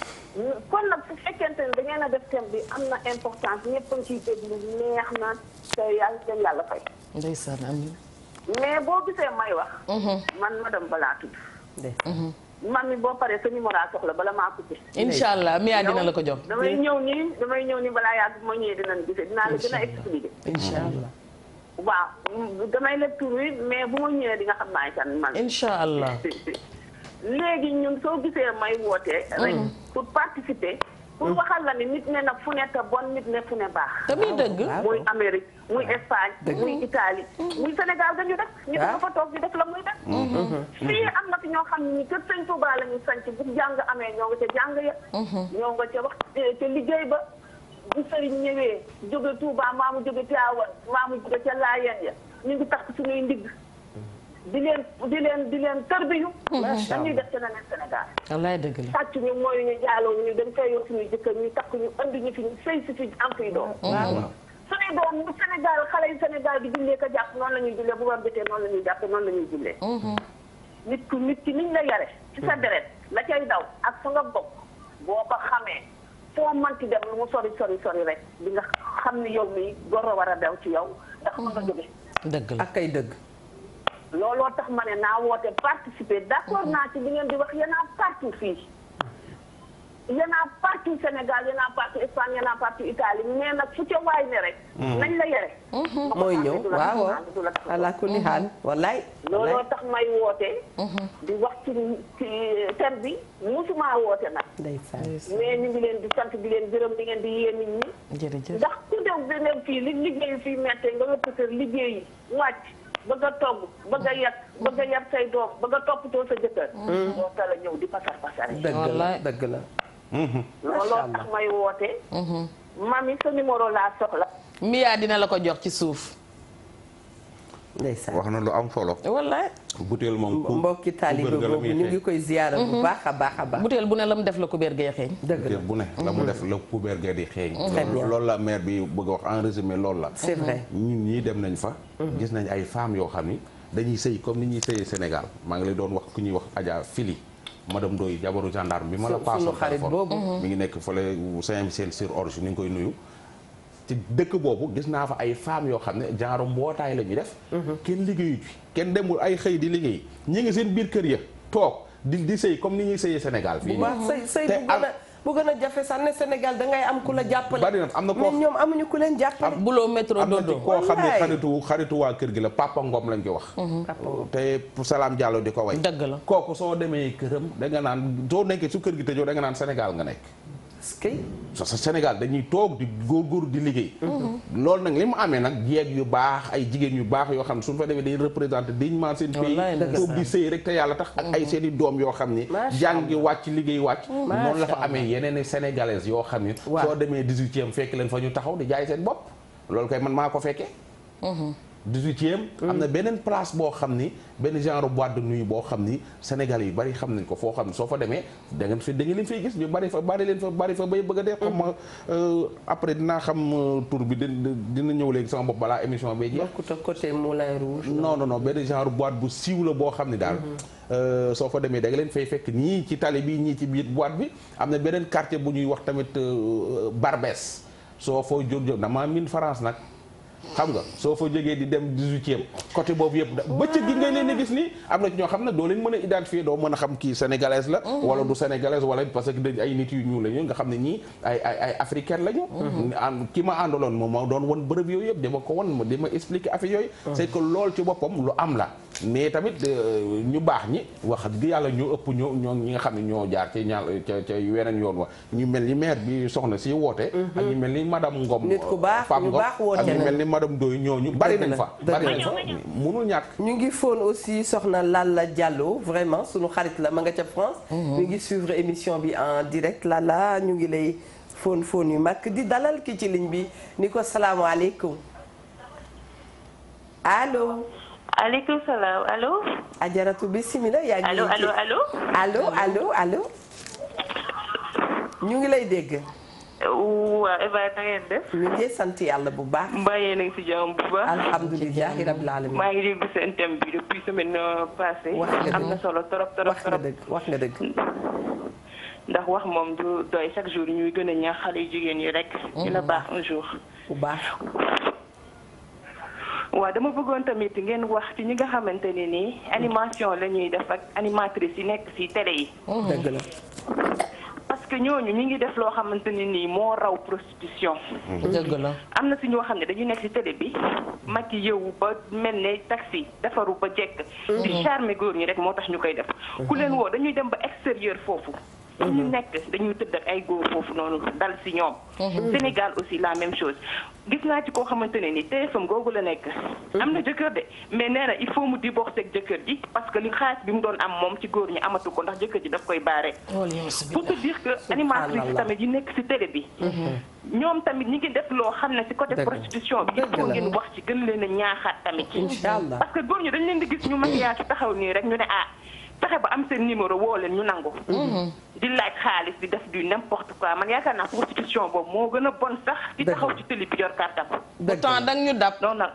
kon nag su fekkente ne da ngeen def thème bi am na importance ñëpp a ngi ciy neex na te yàlla seen yàlla fay ndeysaan amiin mais boo gisee may wax man madame balaa tudd man mi boo paree sa numéro a soxla bala maa coupé. incha allah Mia dina la ko jox. damay ñëw nii damay ñëw nii balaa yàgg ma ñëwee dinañ gisee dinaa la gën a expliqué. incha allah. waaw damay leb tur wi mais bu ma ñëwee di nga xam maay kan man. incha allah. léegi ñun soo gisee may wootee. Mm. rek pour participer. pour waxal la ni nit ne nag fu ne te bon nit ne fu ne baax. te muy dëgg muy Amérique muy Espagne. muy Italie mm-hmm. muy Sénégal dañu def. ñu def fa toog ñu def la muy def. Mm-hmm. Mm-hmm. fii am na fi ñoo xam ne kër Sëñ Touba la ñu sanc bu jàng amee ñoo nga ca jàng ya. ñoo nga ca wax ca liggéey ba bu sëriñ ñëwee jóge Touba maamu jóge Tiawan maamu jóge ca Laayeen ya ñu ngi takk suñuy ndigg. di leen di leen di leen tërbiyu. macha allah dañuy def ci leneen Sénégal. wallaay dëgg la sàcc ñu mooy ñu jaaloo ñu dañ fay yor suñu jëkkër ñu takk ñu andi ñu fi ñu sëy si fi am fiy doom. suñuy doom bu Sénégal xale yu Sénégal di jullee ko jàpp noonu la ñuy jullee bu war bitee noonu la ñuy jàpp noonu la ñuy jullee. nit ku nit ki niñ la yare ci sa deret la cay daw ak fa nga bokk boo ko xamee foo manti dem lu mu sori sori sori rek di nga xam ni yow mi goro war a daw ci yow ndax ma nga jóge dëgg la ak kay dëgg looloo tax ma ne naa woote participer d'accord naa ci li ngeen di wax yéen a partout fii yéen a partout Sénégal yéen a partout Espagne yéen a partout Italie mais nag fu ca waay ne rek. Mm-hmm. nañ la yere. Mm-hmm. mooy ñëw waaw waaw ala kulli xaal wallaay. looloo tax may woote. Mm-hmm. di wax ci ci thème bi musuma woote nag. ndeysaan mais ñu ngi leen di sant bi leen gërëm di ngeen di yee nit ñi. jërëjëf ndax ku dem beneen fii li liggéey fii méttee nga nga sa liggéey wàcc. bëgg a togg bëgg a yat bëgg a yar say doom bëgg a toppatoo sa jëkkër. Mm-hmm. Mm-hmm. moo tax la ñëw di pasar pasare. dëgg la dëgg la. Mm-hmm. looloo tax may woote. mami sa numéro laa soxla. Mia dina la ko jox ci suuf. wax na lu am solo. wallaay butéel moom ku mbokki taalibe boobu ñu ngi koy ziyaara bu mhm. baax a baax a baax. butéel bu ne la mu def la kubéer gay xeeñ. dëgg bu ne la mu mhm. def la kubéer gay di xeeñ. Mhm. loolu la maire bi bëgg a wax en résumé lool la. c'est vrai ñun ñii dem nañ fa. gis nañ ay femmes yoo xam ni dañuy sëy comme ni ñuy sëyee Sénégal maa ngi lay doon wax ku ñuy wax Adja Fili. madame dooy jabaru gendarme bi ma la. paasoon téléphone mu ngi nekk fële CMCL sur Orge ñu ngi koy nuyu. ci dëkk boobu gis naa fa ay femmes yoo xam ne genre mbootaay la ñuy def. Mhm. kenn liggéeyu ci kenn demul ay xëy di liggéey ñi ngi seen biir kër ya toog di di sëy comme ni ñuy sëyee Sénégal. fii bu gën a jafe sax ne Sénégal da ngay am ku la jàppale. bari na am na koo mais ñoom amuñu ku leen jàppale. am buloo métro dodo koo xam ne xaritu xaritu waa kër gi la Papa Ngom lañ ko wax. Mhm. te pour Salam Diallo di ko way. dëgg la kooku soo demee këram da nga naan soo nekkee su kër gi tëjoo da nga naan Sénégal nga nekk. kay que Sénégal dañuy toog di góor di liggéey. Mhm. loolu nag li mu amee nag jeeg yu baax ay jigéen yu baax yoo xam ne suñu fa demee dañ représenté dignement seen pays toog di sëy rek te yàlla tax ak ay mhm. seeni doom yoo xam ne jàngi wàcc liggéey wàcc mhm. noonu la fa amee yeneen sénégalaises yoo xam ni soo demee dix-huitième fekk leen fa ñu taxaw di jaay seen bopp loolu kay man maa ko fekkee 18e mm. am na beneen place boo xam ni benn genre boîte de nuit boo xam ni Sénégal yu bari xam nañ ko foo xam soo fa demee da ngeen fi da ngeen leen gis ñu bari fa bari leen fa bari fa bay bëgg a dee euh, après dinaa xam euh, tour bi dina ñëw léegi sama balaa émission bee jeex bokkut ak côté Moulin Rouge non non non benn genre boîte bu siiw boo xam ni daal mm-hmm. euh, soo fa demee da leen fay fekk ñii ci tali bi ñii ci biir boîte bi am na beneen quartier bu ñuy wax tamit Barbès soo foo jóg na damaa min France nag xam nga soo fa jegee di dem 18e côté boobu yëpp da bëccëg gi ngay leen di gis nii am na ci ñoo xam ne doo leen mën a identifier doo mën a xam kii sénégalaise la mhm. wala du sénégalaise wala parce que dañ ay nit yu ñuul la nga xam ne ñii ay ay africaine la ñu mhm. ki ma àndaloon moom moo doon wan bërëb yooyu yëpp dama ko wan ma ma expliquer affaire yooyu mhm. c'est que lool ci boppam lu am la mais tamit euh, ñu baax ñi wax dëgg yàlla ñoo ëpp ñoo ñoo ñi nga xam ne ñoo jaar ci ñaar ca ca weneen yoon wa ñu mel ni maire bi soxna si woote. ak mhm. ñu mel ni madame Ngom. nit ku baax ñu baax woote ak ñu mel ni madame Ndoye ñooñu bari nañ fa. bari nañ fa munul ñàkk. ñu ngi fóon aussi soxna Lalla jàlloo vraiment suñu xarit la ma nga ca France. Mhm. ñu ngi suivre émission bi en direct Lalla ñu ngi lay foon foon yu mag di dalal ki ci liñ bi ni ko salaamaaleykum allo. aleykum salaam allo. ajaratu bisimilah. yaa ngi lay alo allo allo allo allo. ñu ngi lay dégg. waaw Eva eh na def. ñu ngi sant yàlla bu baax. mbaa yéen a ngi si jàmm bu baax. alhamdulilah rab alamin. maa ngi dégg seen thème bi depuis semaine euh, passée. wax nga dëgg am na solo trop trop wax nga dëgg wax nga dëgg. ndax wax moom du doy chaque jour ñuy gën a xale yu jigéen yi rek. dina mm. baax un jour. bu baax waaw dama bëggoon tamit ngeen wax ci ñi nga xamante ne nii animation la ñuy def ak animatrice yi nekk ci télé yi. dëgg parce que ñooñu ñu ngi def loo xamante ne nii moo raw prostitution. dëgg la am na si ñoo xam ne dañu nekk si télé bi mag yi yow ba mel ne taxi defaru ba jekk. Mm-hmm. di charmer góor ñi rek moo tax ñu koy def. ku leen woo dañuy dem ba extérieur foofu. ñu mhm. nekk dañuy tëdd ak ay góor foofu noonu dal si ñoom. Mhm. Sénégal aussi la même chose gis naa ci koo xamante ne ni googu la nekk. Mhm. am na jëkkër de mais nee na il faut mu divorcer ak jëkkër ji parce que li xaalis bi mu doon am moom ci góor ñi amatu ko ndax jëkkër ji daf koy baare. pour te dire que animatrice tamit yi nekk si télé bi. ñoom tamit ñi ngi def loo xam ne si côté prostitution bi il faut ngeen wax ci gën leen a ñaaxaat tamit. parce que góor ñu fexe ba am seen numéro woo leen ñu nangu. Mhm. di laaj xaalis di def du n'importe quoi man yaakaar naa prostitution boobu moo gën a bon sax. ci taxaw ci télé bi yor kàttam. dëgg pourtant dang ñu dab. non non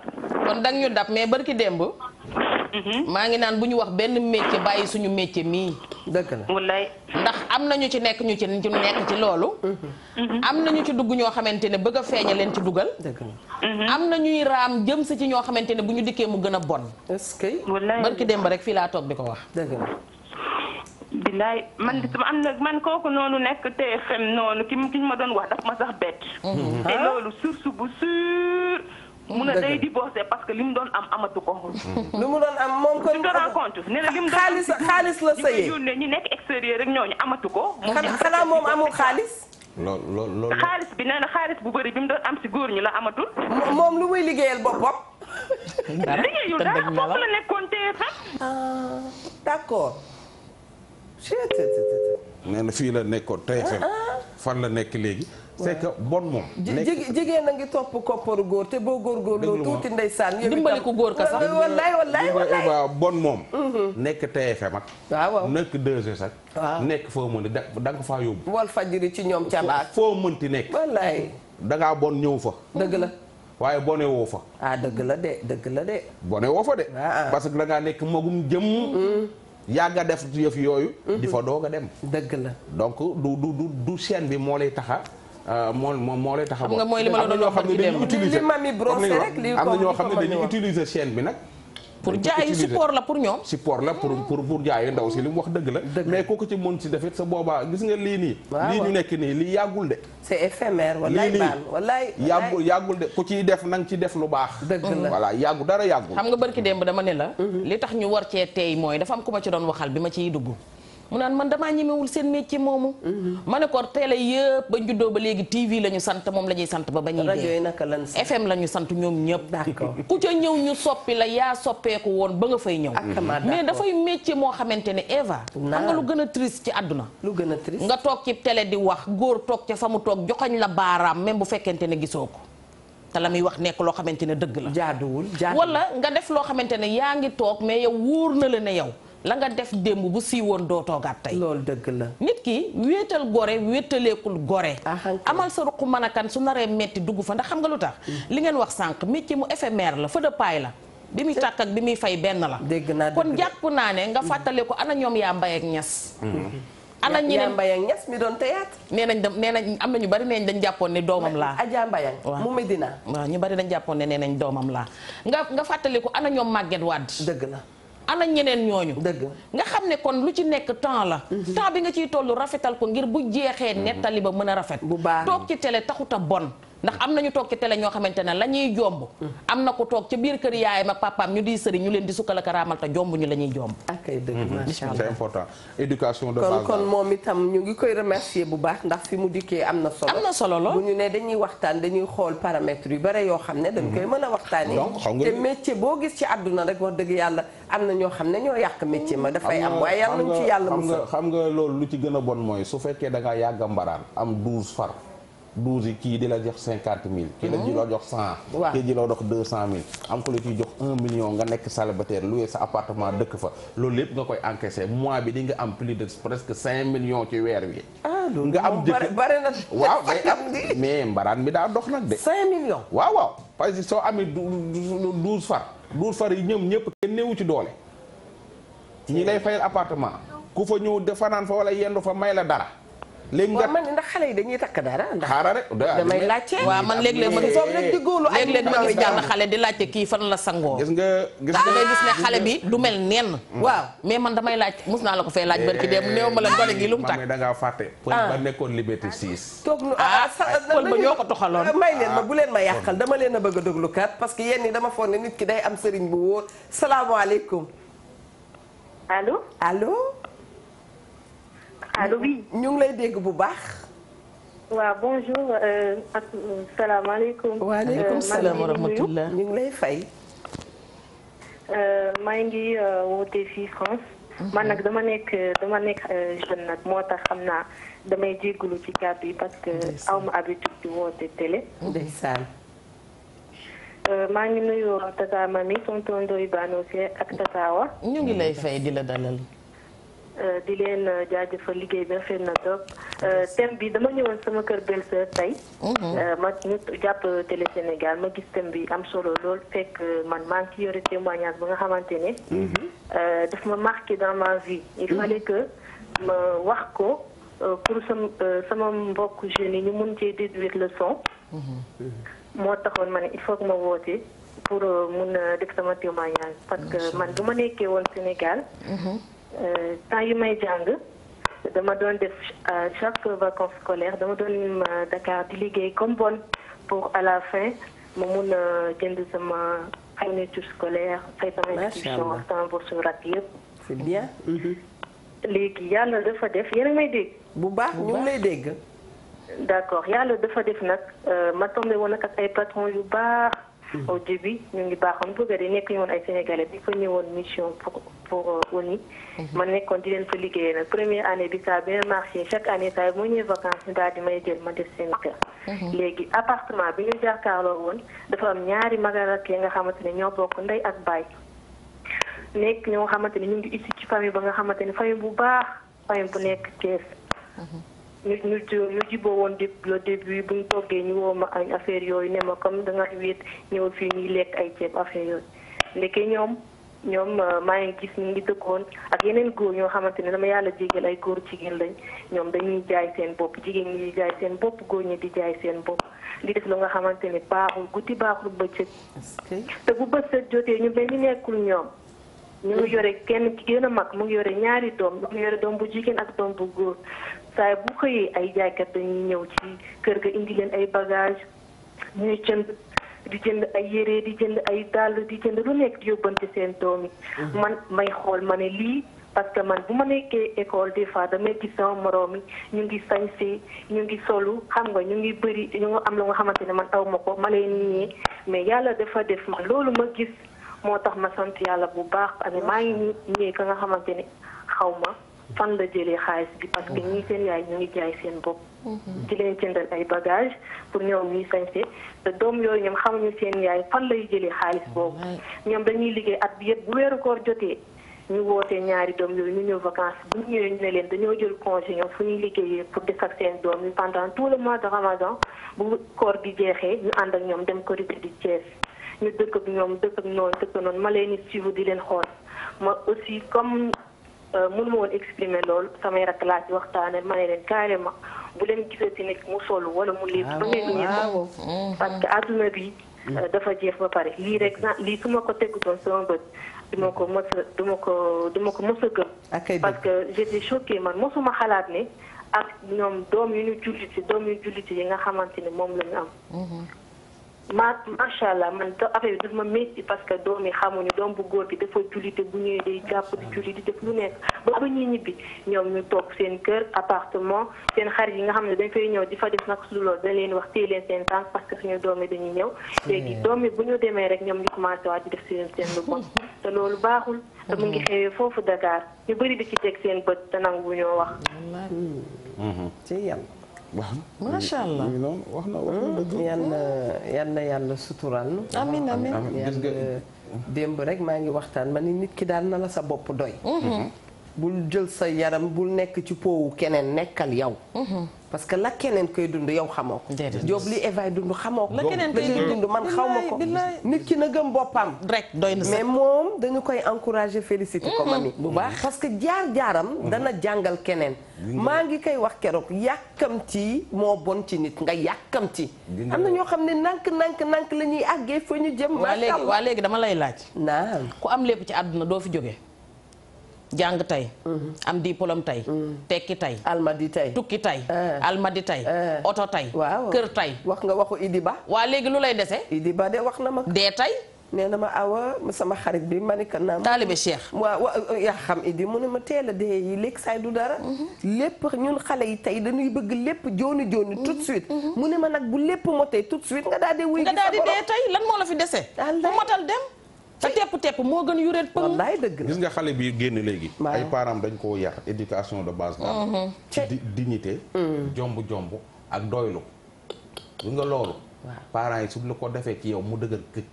kon dang ñu dab mais barki démb. Mm-hmm. maa ngi naan bu ñu wax benn métier bàyyi suñu métier mii. dëgg la wallaay ndax am na ñu ci nekk ñu ci nekk ci loolu. Mm-hmm. am na ñu ci dugg ñoo xamante ne bëgg a feeña leen ci dugal. dëgg mm-hmm. am na ñuy raam jëm si ci ñoo xamante ne bu ñu dikkee mu gën a bon. est-ce que barki démb rek fii laa toog di ko wax. dëgg la. bilaay man na man kooku noonu nekk TFM noonu ki ki ma doon wax daf ma sax bett. Ah. loolu source bu sûr. mu ne day divorcé parce que li mu doon am amatu ko. Mm-hmm. li mu doon am moom kon. li doon compte nee na li mu doon xaalis xaalis la sëyee ñu nekk extérieur rek ñooñu amatu ko. mu xanaa moom amul xaalis. loolu loolu loolu. xaalis bi nee xaalis bu bëri bi mu doon am si góor ñi la amatul. moom lu muy liggéeyal boppam. dara liggéeyul dara foofu la nekkoon tey sax. Ah, d'accord. nee na fii la nekkoon tey ah, ah. fan la nekk léegi. c'est que bon moom. jigéen a ngi topp kopparu góor te boo góorgóorloo tuuti ndeysaan. dimbali ko góor ka sax wallaay wallaay bon moom. Mhm. nekk TFM ak. waaw nekk 2S nekk foo mën da nga ko faa yóbbu. wal fajiri ci ñoom foo mënti nekk. wallaay da ngaa bon ñëw fa. dëgg la. waaye bone fa. Ah, dëgg la de dëgg la de. bone woo fa de. Ah. parce que da ngaa nekk magum jëm. Mhm. yàgga def yëf yooyu. Mhm. di fa doog a dem. dëgg la donc du du du bi moo lay taxa moom euh, moom moo lay taxawoo. xam nga mooy li ma la doon wax li mami brossé rek ñoo xam ne dañuy utiliser bi nag. pour jaay support la pour ñoom. support la pour pour pour jaayu ndaw si li mu wax dëgg la. mais kooku ci mën si def it sa boobaa gis nga lii nii. lii ñu nekk nii lii yàggul de. c'est éphémère wallaay baal wallaay yàggul yàggul de ku ciy def na nga ci def lu baax. dëgg la voilà yàggu dara yàggul. xam nga barki démb dama ne la. li tax ñu war cee tey mooy dafa am ku ma ci doon waxal bi ma ciy dugg. mu naan man damaa ñemewul seen métier moomu. Mhm. ma ne ko télé yëpp ba juddoo ba léegi TV la ñu sant moom la ñuy sant ba ba ñuy rajo yi lan FM la ñu sant ñoom ñëpp. d'accord ku ca ñëw ñu soppi la yaa soppeeku woon ba nga fay ñëw. mais dafay métier moo xamante ne Eva. xam nga lu gën a triste ci àdduna. lu gën a triste nga toog ci télé di wax góor toog ca fa mu toog joxoñ la baaraam même bu fekkente ne gisoo ko. te la muy wax nekk loo xamante ne dëgg la. jaaduwul jaaduwul wala nga def loo xamante ne yaa ngi toog mais yow wóor na la yow la nga def démb bu siiwoon doo toogaat tey. loolu dëgg la nit ki wéetal gore wéetaleekul gore. Ah, amal sa ruq mën kan su naree metti dugg fa ndax xam nga lu tax. Mm. li ngeen wax sànq métier mu éphémère la feu paay la. bi muy tàkk ak bi muy fay benn la. dégg naa kon jàpp naa ne nga mm. fàttale ko ana ñoom yaa mbay ñas. Mm. Mm-hmm. ana ñi mbay ak ñas mi doon théâtre. nee nañ dem nee nañ am na ñu bari dañ jàppoon ne doomam laa. Adja Mbaye mu Medina. waaw bari dañ jàppoon ne nee nañ doomam laa nga nga fàttale ko ana ñoom màgget wadd dëgg la. ana ñeneen ñooñu. dëgg nga xam ne kon lu ci nekk temps la. Mhm. temps bi nga ciy toll rafetal ko ngir bu jeexee. Mhm. nettali ba mën a rafet. bu baax toog ci télé taxut bon. ndax am nañu toog ci télé ñoo xamante ne lañuy jomb am na ko toog ci biir kër yaayam ma papaam ñu di sëriñ ñu leen di sukkal ak raamal te jomb ñu la ñuy jomb mhm. c'est important kon moom itam ñu ngi koy remercier bu baax ndax fi mu dikkee am na solo solo lool bu ñu ne dañuy waxtaan dañuy xool paramètres yu bare yoo xam ne dañ koy mhm. mën a waxtaanee te métier boo gis ci àdduna rek wax dëgg yàlla am na ñoo xam ne ñoo yàq métier ma dafay am waaye yàlla ñu ci yàlla musal xam nga loolu lu ci gën a bon mooy su fekkee da am douze far douze yi kii di la jox cinquante mille kii la ji mm-hmm. la jox cent kii ji la jox deux cent mille am ko la ciy jox un million nga nekk célibataire loué sa appartement dëkk fa loolu lépp nga koy encaissé mois bi di nga am plus de presque cinq millions ci weer wi ah, nga na waaw day am mais mbaraan bi daa dox nag de cinq millions waaw waaw parce que soo amee douze far douze far yi ñoom ñëpp kenn néewu ci doole ñi lay fayal appartement ku fa ñëw de fanaan fa wala yendu fa may la dara léegi nga man ndax xale yi dañuy takk dara. ndax xaaral rek damay laajte. waaw man léeg-léeg ma gis léeg-léeg xale di laajte kii fan la sangoo. gis nga gis ah, xale bi du mel nenn. Mm. waaw mais man damay laaj mus naa la ko fee laaj eh, barki dem néew ma la gone gi lu mu takk. da ngaa fàtte. Ah. pël ah, ba ñoo ko toxaloon. may leen ma bu leen ma yàqal dama leen a bëgg a déglu parce que yéen ñi dama foog ne nit ki day am sëriñ bu wóor salaamaaleykum. allo allo. allo oui. ñu ngi lay dégg bu baax. waaw bonjour. Euh, asalaamaaleykum. waaleykum euh, salaam wa rahmatulah ñu ngi lay fay. Euh, maa ngi woote fii France. man nag dama nekk dama nekk jeune nag moo tax xam naa damay jégalu ci kàddu yi parce que aw ma habitude di woote télé. ndeysaan. maa ngi nuyu Tata Mami tonton Ndoye Bano ak Tata ñu ngi lay fay di la dalal. Euh, di leen euh, jaajëfal liggéey bi rafet na trop euh, thème bi dama ñëwoon sama kër belle-sœur tey. Mhm. ma ñu jàpp Télé Sénégal ma gis thème bi am solo lool fekk man maa ngi ci yore témoignage ba nga xamante ne. Mhm. daf ma marqué dans ma vie. il mhm. fallait que ma wax ko pour sama sama mbokk jeunes yi ñu mun cee déduire leçon. moo taxoon ma ne il faut ma woote. pour mun a def sama témoignage parce que man bu ma nekkee woon Sénégal. Euh, temps yu may jàng dama doon def euh, chaque vacances scolaires dama doon euh, Dakar di liggéey comme bonne pour à la fin ma mun a jënd sama fourniture scolaire fay sama institution ak sama bourse rap yëpp. c'est bien. Mhm. léegi yàlla dafa def yéen a may dégg. bu baax ñu ngi lay dégg. d'accord yàlla dafa def nag ma tombé woon ak ay patron yu baax. Mhm. au début ñu ngi baax bëgg a di nekk ñu woon ay sénégalais bi fa ñëwoon mission pour rapport euh, au nid mhm. ma nekkoon di leen fa liggéeyee nag première année bi ça a bien marché chaque année saa yi moo ñëwee vacances ñu daal di may jël ma def seen kër mhm. léegi appartement bi ñu jàkkaarloo woon dafa am ñaari magarak yi nga xamante ne ñoo bokk ndey ak baay nekk ñoo xamante ne ñu ngi issu ci famille ba nga xamante ni famille bu baax famille bu nekk Thiès mhm. ñu ñu ñu jiboo woon di le début bu ñu toggee ñu woo ma ay affaire yooyu ne ma comme danga wéet ñëw fii ñuy lekk ay ceeb affaire ñoom euh, maa ngi gis ñu ngi dëkkoon ak yeneen góor ñoo xamante ne dama yàlla jégal ay góor jigéen lañ ñoom dañuy jaay seen bopp jigéen ñi di jaay seen bopp góor ñi di jaay seen bopp di def lu nga xamante ne baaxul guddi baaxul bëccëg te bu bëccëg jotee ñu mel ni nekkul ñoom ñu ngi yore kenn ki gën a mag mu ngi yore ñaari doom mu ngi yore doom bu jigéen ak doom bu góor saay bu xëyee ay jaaykat dañuy ñëw ci kër ga indi leen ay bagage ñuy jënd di jënd ay yére di jënd ay dàll di jënd lu nekk di yóbbante seen doom yi. Mhm. man may xool ma ne lii parce que man bu ma nekkee école des fois damay gis sama moroom yi ñu ngi sañse ñu ngi solu xam nga ñu ngi bëri ñu nga am lu nga xamante ne man aw ma ko ma leen ñee mais yàlla dafa def ma loolu ma gis moo tax ma sant yàlla bu baax parce que maa ngi ñee ka nga xamante ne xaw ma. fan la jëlee xaalis bi parce que ñii seen yaay ñu ngi jaay seen bopp. Mhm. di leen jëndal ay bagage pour ñoom ñuy sañse te doom yooyu ñoom xam xamuñu seen yaay fan lay jëlee xaalis boobu ñoom dañuy liggéey at bi yëpp bu weeru koor jotee ñu woote ñaari doom yooyu ñu ñëw vacances bu ñu ñëwee ñu ne leen dañoo jël congé ñoom fu ñuy liggéeyee pour def ak seen doom yi pendant tout le mois de ramadan bu koor gi jeexee ñu ànd ak ñoom dem korité di Thiès ñu dëkk ñoom dëkk ak dëkk noonu ma leen di suivre di leen xool Euh, mënu ma woon lool samay rakk laa ci waxtaane ma ne leen carrément bu leen gisati nit mu sol wala mu léegi ba ngeen ñëw parce que adduna mm. euh, dafa jeex ba pare lii rek lii su ma ko teggutoon sama bët duma ko mos a duma ko duma ko mos a gëm parce que j'étais choquée man mosuma xalaat ne ak ñoom doom yu ñu julliti doom yu julliti yi nga xamante ne moom la ñu am mm-hmm. ma macha allah man affaire bi daf ma métti parce que doom yi xamuñu doom bu góor bi dafa julli te bu ñëwee day jàpp di julli di def lu nekk ba ba ñuy ñibbi ñoom ñu toog seen kër appartement seen xarit yi nga xam ne dañ fay ñëw di fa def nag su loolu dañ leen wax téye leen seen tànk parce que suñu doom yi dañuy ñëw. Mm. léegi doom yi bu ñu demee rek ñoom ñu commencé waat di def seen seen lu bon te loolu baaxul. te mu ngi mm. xewee foofu Dakar ñu bëri bi ci teg seen bët te nangu bu ñoo wax. macha allah wax na wax na hmm. yàlla yàlla yàlla suturaal nu amiin amiin yàlla démb rek maa ngi waxtaan ma ni nit ki daal na la sa bopp doy mhm. bul jël sa yaram bul nekk ci poowu keneen nekkal yow. Mhm. parce que la keneen koy dund yow xamoo ko. Jóob li Eva dund xamoo ko. la keneen koy dund man xaw ma ko. nit ki na gëm boppam. rek doy na mais moom dañu koy encourager féliciter ko mhm. bu baax parce que jaar jaaram. Mhm. dana jàngal keneen. maa ngi koy wax keroog yàkkamti moo bon ci nit nga yàkkamti. am na ñoo xam ne nank nank nank lañuy àggee fa ñu jëm. waa léegi waa léegi dama lay laaj. naam ku am lépp ci àdduna doo fi jógee. jàng tey mhm. am di diplôme tey mhm. tekki tey almadi tey tukki tey eh. almadi tey eh. oto tey waaw kër tey wax nga waxu Idi Ba waa léegi lu lay dese Idi Ba de wax na mag dee tey nee na ma awa sama xarit bi ma ne ko naam taalibe Cheikh waaw yaa xam idi mu ne ma teel a dee yi léegi saay du dara mhm. lépp ñun xale yi tey dañuy bëgg lépp jooni jooni tout de suite mu ne ma nag bu lépp motee tout de suite nga daal di wuy nga daal dee tey lan moo la fi dese bu te tepp tepp moo gën yuréet pë wallaay dëgg la gis nga xale bi génn léegi ay parents dañ koo yar éducation de base la mhm. ci dignité mm. jomb jomb ak doylu gis nga loolu parents yi su la ko defee ci yow mu dëgër këj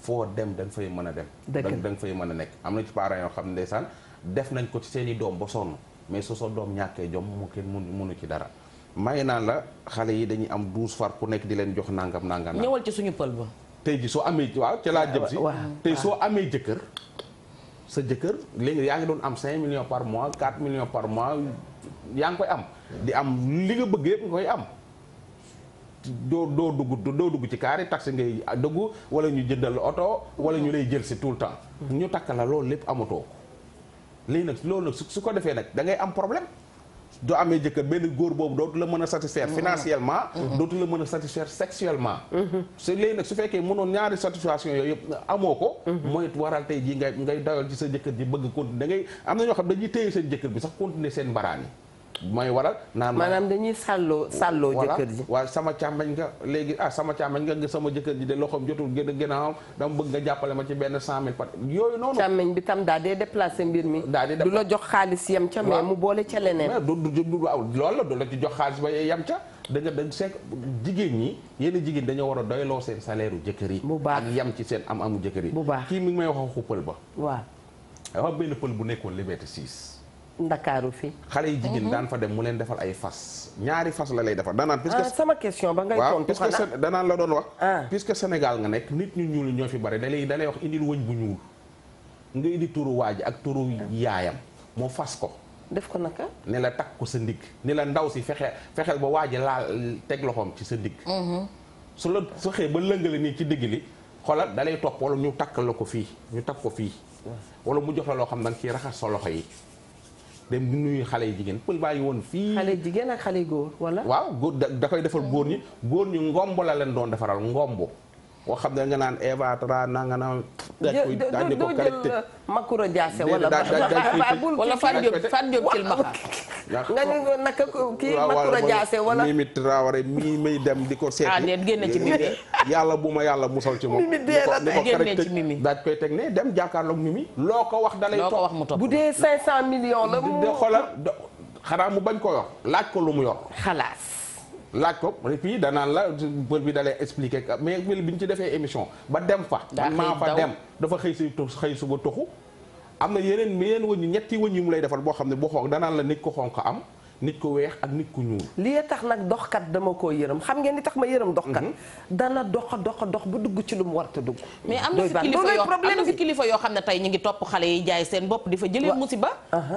foo dem da nga fay mën a dem da nga fay mën a nekk am na ci parents yoo xam ne ndeysaan def nañ ko ci seen i doom ba sonn mais su sa doom ñàkkee jom mu kenn mënu ci dara may naan la xale yi dañuy am douze far ku nekk di leen jox nangam nangam ñëwal ci suñu pël ba tey ji soo amee waaw ca laa jëm si mm. tey soo amee jëkkër sa jëkkër léegi yaa ngi doon am cinq millions par mois 4 millions par mois yaa ngi koy am di am li nga bëgg yëpp nga koy am doo doo dugg doo dugg ci kaari taxi ngay dugg wala ñu jëndal oto wala ñu lay jël si tout le temps mm. ñu takk la loolu lépp amatoo ko léegi nag loolu nag su ko defee nag da ngay am problème du amee jëkkër benn góor boobu dootu la mën a satisfaire mmh. financièrement mmh. Mmh. dootu la mën a satisfaire sexuellement su léegi nag su fekkee mënoon ñaari satisfaction yooyu yëpp amoo ko mooy waral tey jii ngay ngay dawal ci sa jëkkër ji bëgg continuer da ngay am na ñoo xam dañuy téye seen jëkkër bi sax continuer seen mbaraan mooy waral naan maanaam dañuy sàlloo sàlloo jëkkër ji waaw sama càmmañ nga léegi ah sama càmmañ nga sama jëkkër ji de loxoom jotul gën a gënaawam dama bëgg nga jàppale ma ci benn cent mille par yooyu noonu càmmañ bi tam daa dee déplacé mbir mi daa dee du la jox xaalis yem ca mais mu boole ca leneen du du waaw loolu la du la ci jox xaalis ba yem ca da nga da seet jigéen ñi yenn jigéen dañoo war a doyloo seen salaire u jëkkër yi ak yam ci seen am amu jëkkër yi bu baax kii mi ngi may wax a xuppal ba waaw dafa bu nekkoon liberté 6 ndakaaru fi xale yi jigéen mhm. daan fa dem mu leen defal ay fas ñaari fas la lay defal danaan puisque ah, sama question ba ngay tontu la doon wax ah. puisque nga nekk nit ñu ñuul ñoo fi bari dalay dalay wax indil wëñ bu ñuul nga indi turu waa ak turu yaayam moo fas ko def ko naka ne la takk ko sa ndigg ni la ndaw si fexe fexeel ba waaj ji laal teg loxoom ci sa ndigg mhm. su la su xee ba lëngale nii ci digg li xoolal dalay topp wala ñu takk la ko fii ñu takk ko fii wala mu jox la loo xam da nga raxas sa loxo yi de di nuyu xale yi jigéen pël baa ngi woon fii. xale jigéen ak xale góor wala. waaw góor da koy defal góor ñi góor ñi ngomb la leen doon defaral ngomb. boo xam ne nga naan Eva Tra na nga naan. daañu daañu ko collecté doo jël Makura Diassé wala. wala Fatou Diop Fatou Diop Kilmaxa. nga ne naka kii Makura Diassé wala. Mimi Traoré mii may dem di ko seeti. ah déet yàlla bu ma yàlla musal ci moom. mimi dee la de génne ci mimi. daaj koy teg ne dem jàkkaarloog mimi. loo ko wax dalay toog loo ko wax mu toog bu dee 500 millions la. mu xoolal xanaa mu bañ ko yor laaj ko lu mu yor. xalaas. laaj ko puis danaan la bër bi dalee expliquer mais wél bi ñu ci defee émission ba dem fa man maa fa dem dafa xëy si xëy suba toxu am na yeneen yeneen wëññu ñetti wëñ yu mu lay defal boo xam ne boo xoog danaan la nit ko xonk am nit ku weex ak nit ku ñuul. li tax nag doxkat dama ko yërëm xam ngeen li tax ma yërëm doxkat. Mhm. dana dox dox dox dugg ci lu mu warta dugg. mais am na fi yoo xam ne tey ñu ngi topp xale yi jaay seen bopp di fa jëlee musiba.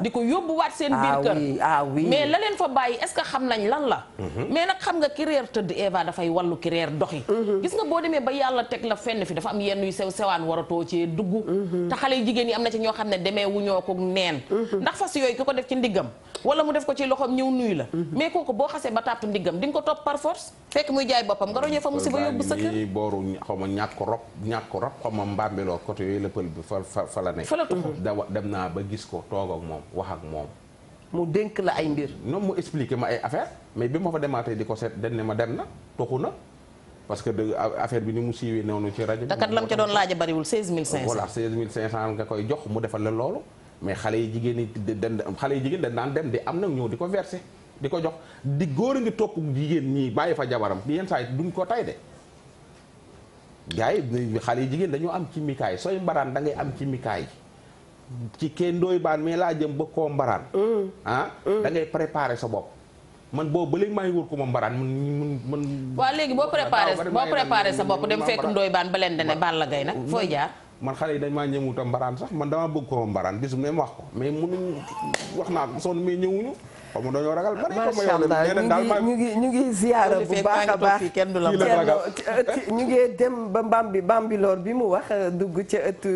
di ko yóbbuwaat seen biir ah kër. ah oui mais leen fa bàyyi est-ce que xam nañ lan la. Mhm. mais nag xam nga ki reer tëdd Eva dafay wallu ki reer doxi. Mhm. gis nga boo demee ba yàlla teg la fenn fi dafa am yenn yu sew sewaan waratoo ci dugg. te xale jigéen yi am na ci ñoo xam ne demee wuñoo ko neen. ndax fas yooyu ki ko def ci ndiggam wala mu def ko ci loxoom ñëw nuyu la mhm. mais kooku boo xasee ba tàpp ndiggam di nga ko topp par force fekk muy jaay boppam nga roñee fa musiba yóbbu sa kër booru xaw ma ñàkk ko rob ñàkk ko rob xaw ma mbambiloo côté yooyu la pël bi fa fa la nekk fa la tuxu mhm. dem naa ba gis ko toog moom wax ak moom mu dénk la ay mbir non mu expliqué ma ay affaire mais bi ma fa demaatee di ko seet dañ ne ma dem na toxu na parce que de affaire bi ni mu siiwee noonu ci rajo bi. lam ca doon laaj a bariwul 16500. voilà 16500 nga koy jox mu defal loolu. mais xale yi jigéen ñi den xale yi jigéen dañ dem di am na ñëw di ko verser di ko jox di góor a ngi topp jigéen ñi bàyyi fa jabaram di yenn saa yi duñ ko tay de gars yi xale yi jigéen dañoo am ci mikaay sooy mbaraan da ngay am cimikaay ci kenn dooy baan mais laa jëm ba koo mbaraan mm. ah mm. da ngay préparer sa bopp man boobu ba léegi maa ngi wóor ko ma mbaraan man man man waaw léegi boo préparé sa bopp dem fekk ndooy baan ba leen dene Balla Gaye nag fooy jaar man xale yi dañ maa ñëwut a mbaraan sax man dama bëgg ko mbaraan gisum ne wax ko mais mënuñ wax naa ko sonn mais ñëwuñu xaw ma dañoo ragal bari comme yow leen daal ma ñu ngi ñu ngi ziyaara bu baax a baax kenn ñu ngi dem ba Mbambi Bambilor bi mu wax euh, dugg ca ëttu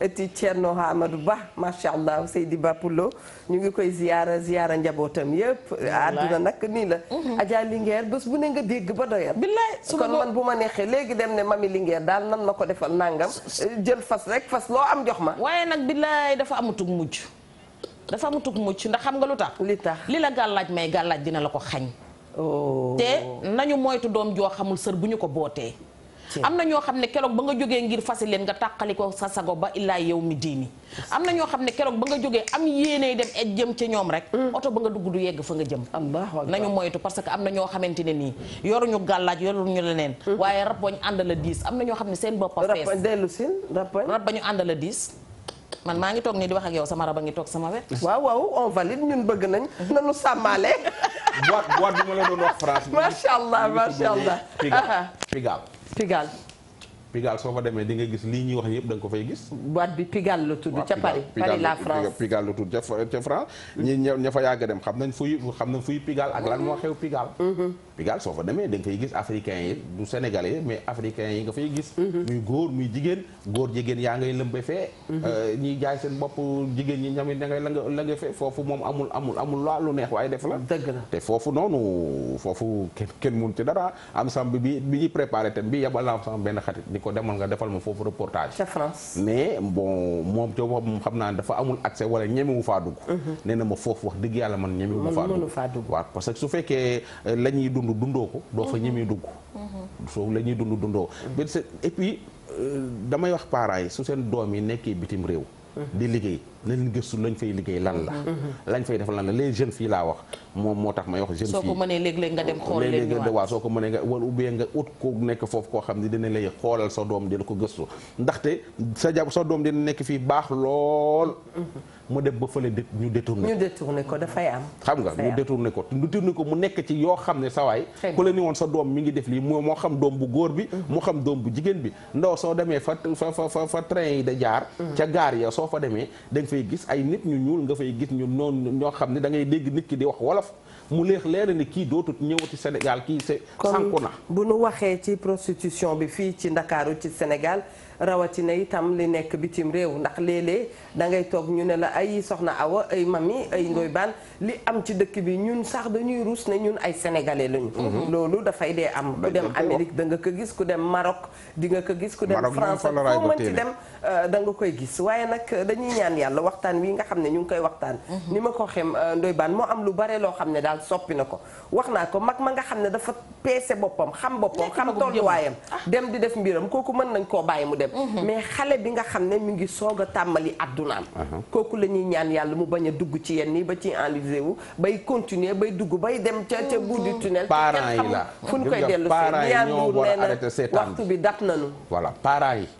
ëtti Thierno Amadou Ba macha allah Seydi Bapulo ñu ngi koy ziyaara ziyaara njabootam yëpp àdduna nag nii la mhm. Adja Linguère bés bu ne nga dégg ba doyal su kon man bu ma neexee léegi dem ne mami Linguère daal nan ma ko defal nangam euh, jël fas rek fas loo am jox ma waaye nag billaay dafa amutug mujj dafa amutuk mucc ndax xam nga lu tax. li tax li la gàllaaj may gàllaaj dina la ko xañ. Oh. te nañu moytu doom joo xamul sër bu ñu ko bootee. am na ñoo xam ne keroog ba nga jógee ngir fasi leen nga tàqali ko sa sago ba illaa yow mi diini am na ñoo xam ne keroog ba nga jógee am yéeney dem et jëm ca ñoom rek mm. oto ba nga dugg du yegg fa nga jëm nañu moytu parce que am na ñoo xamante ne nii yoruñu gàllaaj yoruñu leneen mm. waaye rab ba ñu àndal a diis am na ñoo xam ne seen boppa a fees rab ba ñu àndal a diis man maa ngi toog nii di wax ak yow sama rab a ngi toog sama wet. waaw waaw on valide ñun bëgg nañ mhm. nanu sàmmaale. boîte boîte bi ma la doon wax France. macha allah macha allah. Pigalle Pigalle. Pigalle soo fa demee di nga gis lii ñuy wax yëpp la tudd ca Paris. Paris mm-hmm. da nga fay gis africain yi du sénégalais mais africain yi nga fay gis. Mm-hmm. muy góor muy jigéen góor jigéen yaa ngay lëmbe fee. Mm-hmm. Euh, ñiy jaay seen bopp jigéen ñi ñamit da ngay la nga la nga fee foofu moom amul amul laa lu neex waaye def la. dëgg la te foofu noonu foofu kenn kenn mun ci dara ensemble bi bi ñuy préparé thème bi yabal naa sama benn xarit ko demal nga defal ma foofu reportage. ca mais bon moom ca xam naa dafa amul accès wala ñemewu faa dugg. Mhm. nee na ma foofu wax dëgg yàlla man ñemewu ma faa dugg waaw parce que su fekkee euh, la ñuy dund dundoo ko doo fa mhm. ñemee dugg. Mhm. soo la ñuy dund dundoo. et puis euh, damay wax parents yi su seen doom yi nekkee bitim réew. di liggéey na leen gëstu lañ fay liggéey lan la mm-hmm. lañ fay def lan la les jeunes fii laa wax moom moo tax ma wax jeune fille soo ko mënee léeg-léeg nga dem xool léeg-léeg waaw soo ko mënee nga wala oubien nga ut ko nekk foofu koo xam ne dina lay xoolal sa doom dina ko gëstu ndaxte sa jab sa doom dina nekk fii baax lool mm-hmm. mu dem ba fële ñu détourné ñu détourné ko dafay am xam nga ñu détourné ko ñu détourné ko mu nekk ci yoo xam ne sawaay ku la ni woon sa doom mi ngi def lii moo moo xam doom bu góor bi mm-hmm. moo xam doom bu jigéen bi ndaw soo demee fa fa fa fa train yi da jaar mm-hmm. ca gaar ya soo fa demee da fay gis ay nit ñu ñuul nga fay gis ñu noonu ñoo xam ne dangay dégg nit ki di wax wolof mu leex leer ni kii dootut ñëwati Sénégal kii c'est sànku na bu nu waxee ci prostitution bi fii ci Ndakaaru ci senegal rawatina itam li nekk bitim réew ndax léeg-léeg da ngay toog ñu ne la ay soxna awa ay mami ay ndoy baan li am ci dëkk bi ñun sax dañuy ruus ne ñun ay sénégalais lañu. Mhm. loolu dafay dee am. ku dem Amérique da nga ko gis ku dem Maroc di nga ko gis. ku dem France foo mën dem. Euh, da nga koy gis waaye nag euh, dañuy ñaan yàlla waxtaan wi nga xam ne ñu ngi koy waxtaan mhm. ni ma ko xem euh, ndoy baan moo am lu bare loo xam ne daal soppi na ko wax naa ko mag ma nga xam ne dafa peese boppam xam boppam xam tolluwaayam ah. dem di def mbiram kooku mën nañ koo bàyyi mu dem mhm. mais xale bi nga xam ne mi ngi soog a tàmmali addunaam kooku la ñuy ñaan yàlla mu bañ a dugg ci yenn yi ba ci enlisé wu bay continuer bay dugg bay dem ca ca mhm. bout du tunnel parents yi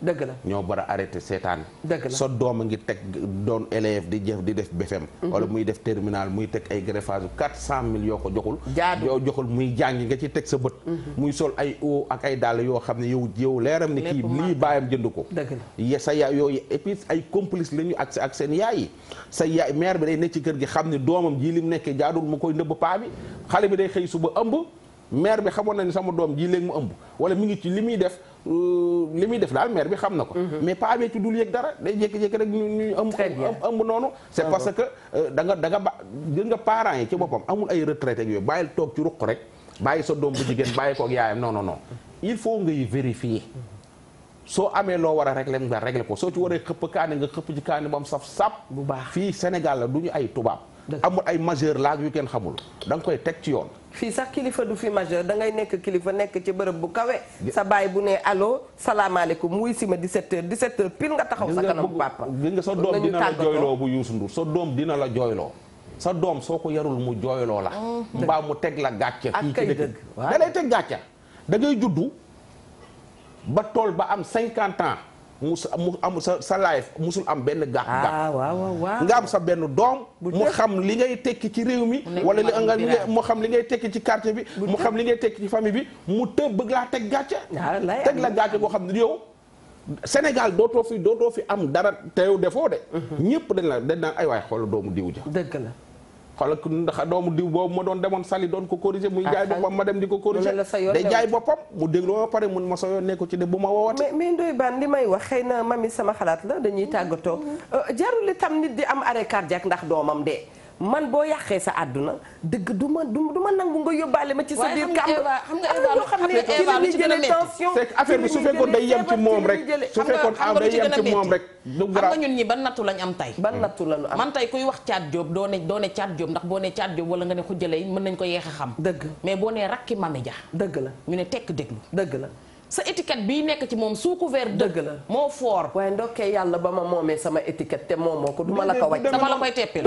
la fu a arrêté seetaan so doom a ngi teg doon élève di jëf di def BFEM mhm. wala muy def terminal muy teg ay greffage bu quatre cent mille yoo ko joxul yoo joxul muy jàngi nga ci teg sa bët mhm. muy sol ay o ak ay dàll yoo xam ne yow yow leeram ni kii lii baayam jënd ko sa yaay yooyu et ay complice la ñu ak ak seen yaay yi sa yaay mère bi day nekk ci kër gi xam ne doomam jii li mu nekkee jaadul mu koy ndëbb paa bi xale bi day xëy suba ëmb mère bi xamoon na ni sama doom jii léegi mu ëmb wala mu ngi ci li muy def li muy def daal maire bi xam na ko. Mhm. mais pas avec dul yeeg dara day jékki-jékki rek ñu ñu ëmb. ëmb noonu. c' est ah parce que euh, danga nga da ba gën nga parents yi ci boppam amul ay retraité ak yooyu bàyyil toog ci ruq rek bàyyi sa doom bu jigéen bàyyi kook yaayam non non non il faut ngay vérifier. soo amee loo war a régler nga régler ko soo ci waree xëpp kaani nga xëpp ci kaani ba mu saf bu baax fii Sénégal la du ñu ay tubaab. amul ay majeur laaj yu kenn xamul danga koy teg ci yoon fii sax kilifa du fi majeur da ngay nekk kilifa nekk ci bërëb bu kawe sa baay bu ne allo salaamaaleykum wuy si ma 17h 17h pile nga taxaw sa kanam papa gis nga sa doom dina la jooyloo bu Youssou Ndour sa doom dina la jooyloo sa doom soo ko yarul mu jooyloo la mm, mbaa mu teg la gàcce fii ci dëkk da lay teg gàcce da ngay juddu ba tool ba am cinquante ans mu am sa sa life musul am benn gàq-gàq ah, nga am sa benn doom mu xam li ngay tekki ci réew mi wala li nga mu xam li ngay tekki ci quartier bi mu xam li ngay tekki ci famille bi mu tëb bëgg laa teg gàcce ah, teg la gàcce koo xam ne yow Sénégal dootoo fi dootoo fi am dara te yow defoo de mhm. ñëpp dañ la dañ naan ay waay xoola doomu diw ja dëgg la xoolal ndax doomu diw boobu ma doon demoon sali doon ko jaay ah, boppam ma dem di ko corriger day jaay boppam mu déglu ba pare mun ma sa yoon nekku ci de bu ma woowate mais Ndoye Bane li may wax xëy na mami sama xalaat la dañuy tàggatoo mm-hmm. euh, jarul itam nit di am arrêt cardiaque ndax doomam dee man boo yàqee sa àdduna dëgg du ma du ma nangu nga yóbbaale ma ci sa biir kàmb xam nga Eva xam nga Eva ci gën a métti affaire bi su fekkoon day yem ci moom rek moom rek du grave xam nga ñun ñi ban nattu lañ am tey ban nattu lañu am man tey kuy wax caat jóob doo ne doo ne caat jóob ndax boo ne caat jóob wala nga ne xujjale mën nañ ko yeex a xam dëgg mais boo ne rakki mame ja dëgg la ñu ne tekk déglu dëgg la sa étiquette bii nekk ci moom sous couvert dëgg la moo foor waaye ndokkee yàlla ba ma moomee sama étiquette te moom moomoo ko duma la ko waj dama la koy teppil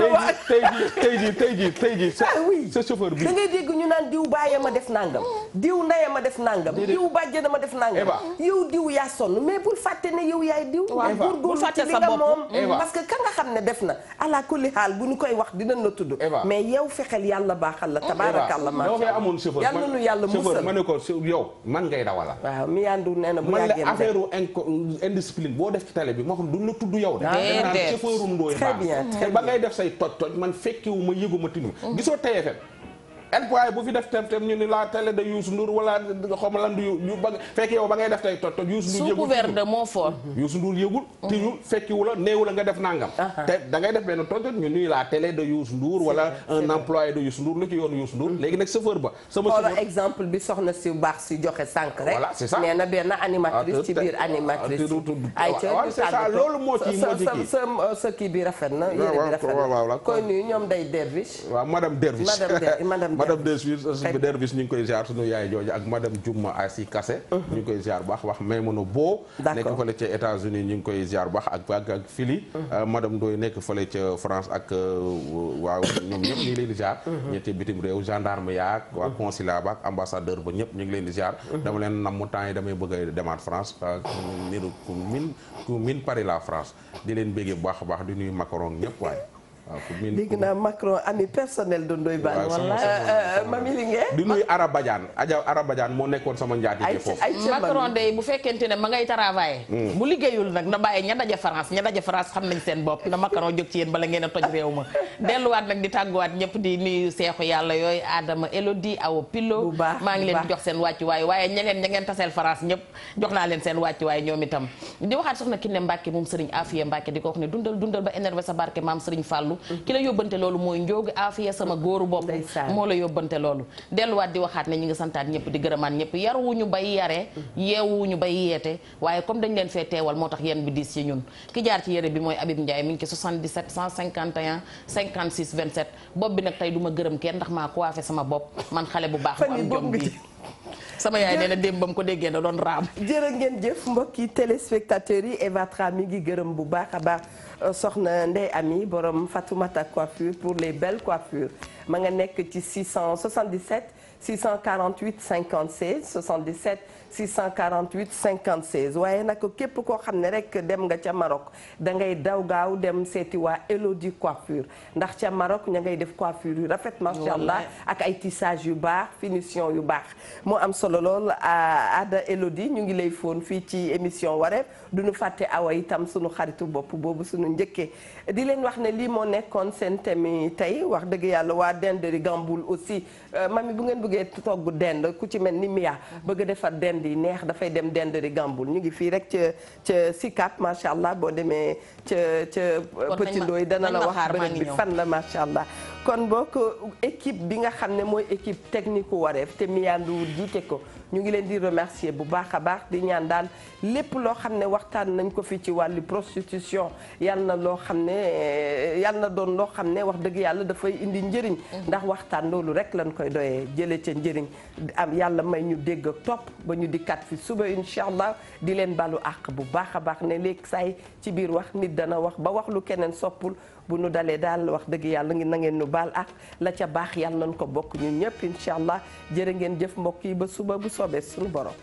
tey jii tey jii sa ah sa chauffeur bi da ngay dégg ñu naan diw bàyyee ma def nàngam diw ndaye ma def nàngam diw bàjjee na ma def nàngam yow diw yaa sonn mais bul fàtte ne yow yaay diw góorgóorlu ci li nga que ka xam ne def na ala kulli xaal bu nu koy wax dinañ la tudd mais yow fexeel yàlla baaxal la tabaarakàlla ma yàlla nu yàlla musal ma ne ko yow man ngay dawala Miyandu nee na bu yàggee man la affaire indiscipline boo def ci télé bi moo xam duñ la tudd yow de danaa chauffeur ndooy ba ngay def say toj toj man fekkiwu ma yëgu ma tinu mm. gisoo TFM employé bu fi def tem tem ñu ni la télé de Youssou Ndour wala xawma lan yu fekk yow ba ngay def tey tot tot Youssou Ndour yëgul sous fekkiwu la néewu la nga def nangam ah, ah. te da ngay def benn tontot ñu ni la télé de Youssou Ndour wala un employé de Youssou Ndour lu ci yoonu Youssou Ndour léegi nag chauffeur ba sama si baax si joxe sànq rek voilà na benn animatrice ah, ci biir animatrice ay ca c'est ça loolu moo ci kii sa kii bi rafet na yére bi rafet na koy nuyu ñoom day derviche madame derviche madame madame Dessuire sëñ bi Dervis ñu ngi koy ziar sunu yaay jooju ak madame Juma Asi Kase. Uh-huh. ñu ngi koy ziar baax wax Maimouna Bo. nekk fële ca États-Unis ñu ngi koy ziar baax ak ak ak Fili. Uh-huh. Euh, madame Ndoye nekk fole ca France ak euh, waaw ñoom ñëpp ñu ngi leen di ziar. Uh-huh. ñetti bitim réew gendarme yaak waa consulat ba ak ambassadeur ba ñëpp ñu ngi leen di ziar. dama leen namm temps yi damay bëgg a demaat France niru euh, ku min ku la France di leen béggee bu baax a baax di nuyu Macron ñëpp waaye. Ah, dégg naa Macron ami personnel de Ndoye Bane. wala euh, euh, Mami Linguère. di nuyu Ara Badiane Adja Ara Badiane moo nekkoon sama njaatige foofu. ay de bu fekkente ne ma ngay travailler. Hmm. bu liggéeyul nag na bàyyi ña daje France ña daje France xam nañ seen bopp na Macron jóg ci yéen bala ngeen a toj réew ma. delluwaat nag di tàgguwaat ñëpp di nuyu seexu yàlla yooyu Adama Elodie Awo Pilo. maa ngi leen di jox seen wàccuwaay waaye ña ngeen ña ngeen taseel France ñëpp jox naa leen seen wàccuwaay ñoom itam. di waxaat soxna Kiné Mbacke moom Serigne Afia Mbacke di ko wax ne dundal dundal ba énervé sa barke maam Serigne Fallou ki la yóbbante loolu mooy njóogu aafiya sama góoru bopp moo la yóbbante loolu delluwaat di waxaat na ñi ngi santaat ñëpp di gërëmaat ñëpp yaruwuñu bay yare yeewuñu bay yeete waaye comme dañ leen fee teewal moo tax yéen bi diis ci ñun ki jaar ci yére bi mooy Abib Ndiaye mi ngi ci 77 151 56 27 bopp bi nag tey du ma gërëm kenn ndax maa coiffé sama bopp man xale bu baax bu am jom bi sama yaay nee na démb ba mu ko déggee da doon raam. jërë ngeen jëf mbokki téléspectateurs yi Evatra mi ngi gërëm bu baax a baax euh, soxna Ndeye Ami borom Fatoumata coiffure pour les belles coiffures ma nga nekk ci 677 648 56 77. 648 56 waaye nag képp koo xam ne rek dem nga ca Maroc da ngay daw gaaw dem seeti waa Elodie coiffure ndax ca Maroc ña ngay def coiffure yu rafet macha allah ak ay tissage yu baax finition yu baax moo am solo lool Ada Elodie ñu ngi lay foon fii ci émission wareef du ñu fàtte awa itam sunu xaritu bopp boobu sunu njëkkee di leen wax ne lii moo nekkoon seen thème tey wax dëgg yàlla waa dend di gamboul aussi euh, mami bu ngeen bëggee togg dend ku ci mel ni Mia bëgg di neex dafay dem dend di gàmbul ñu ngi fii rek ca ca Sicap macha allah boo demee ca ca Petit Ndoy dana la wax bërëb bi fan la macha allah kon bokk équipe bi nga xam ne mooy équipe technique wareef te miyaanduwul jiite ko ñu ngi leen di remercier bu baax a baax di ñaan daal lépp loo xam ne waxtaan nañ ko fi ci wàllu prostitution yal na loo xam ne yal na doon loo xam ne wax dëgg yàlla dafay indi njëriñ ndax waxtaan loolu rek lañ koy doyee jële ca njëriñ am yàlla may ñu dégg ak topp ba ñu di kat fi suba incha allah di leen balu àq bu baax a baax ne léegi saay ci biir wax nit dana wax ba wax lu keneen soppul bu nu dalee daal wax dëgg yàlla ngi na ngeen nu baal ak la ca baax yàlla nañ ko bokk ñun ñëpp incha allah jërë ngeen jëf mbokk yi ba suba bu soobee suñu borom.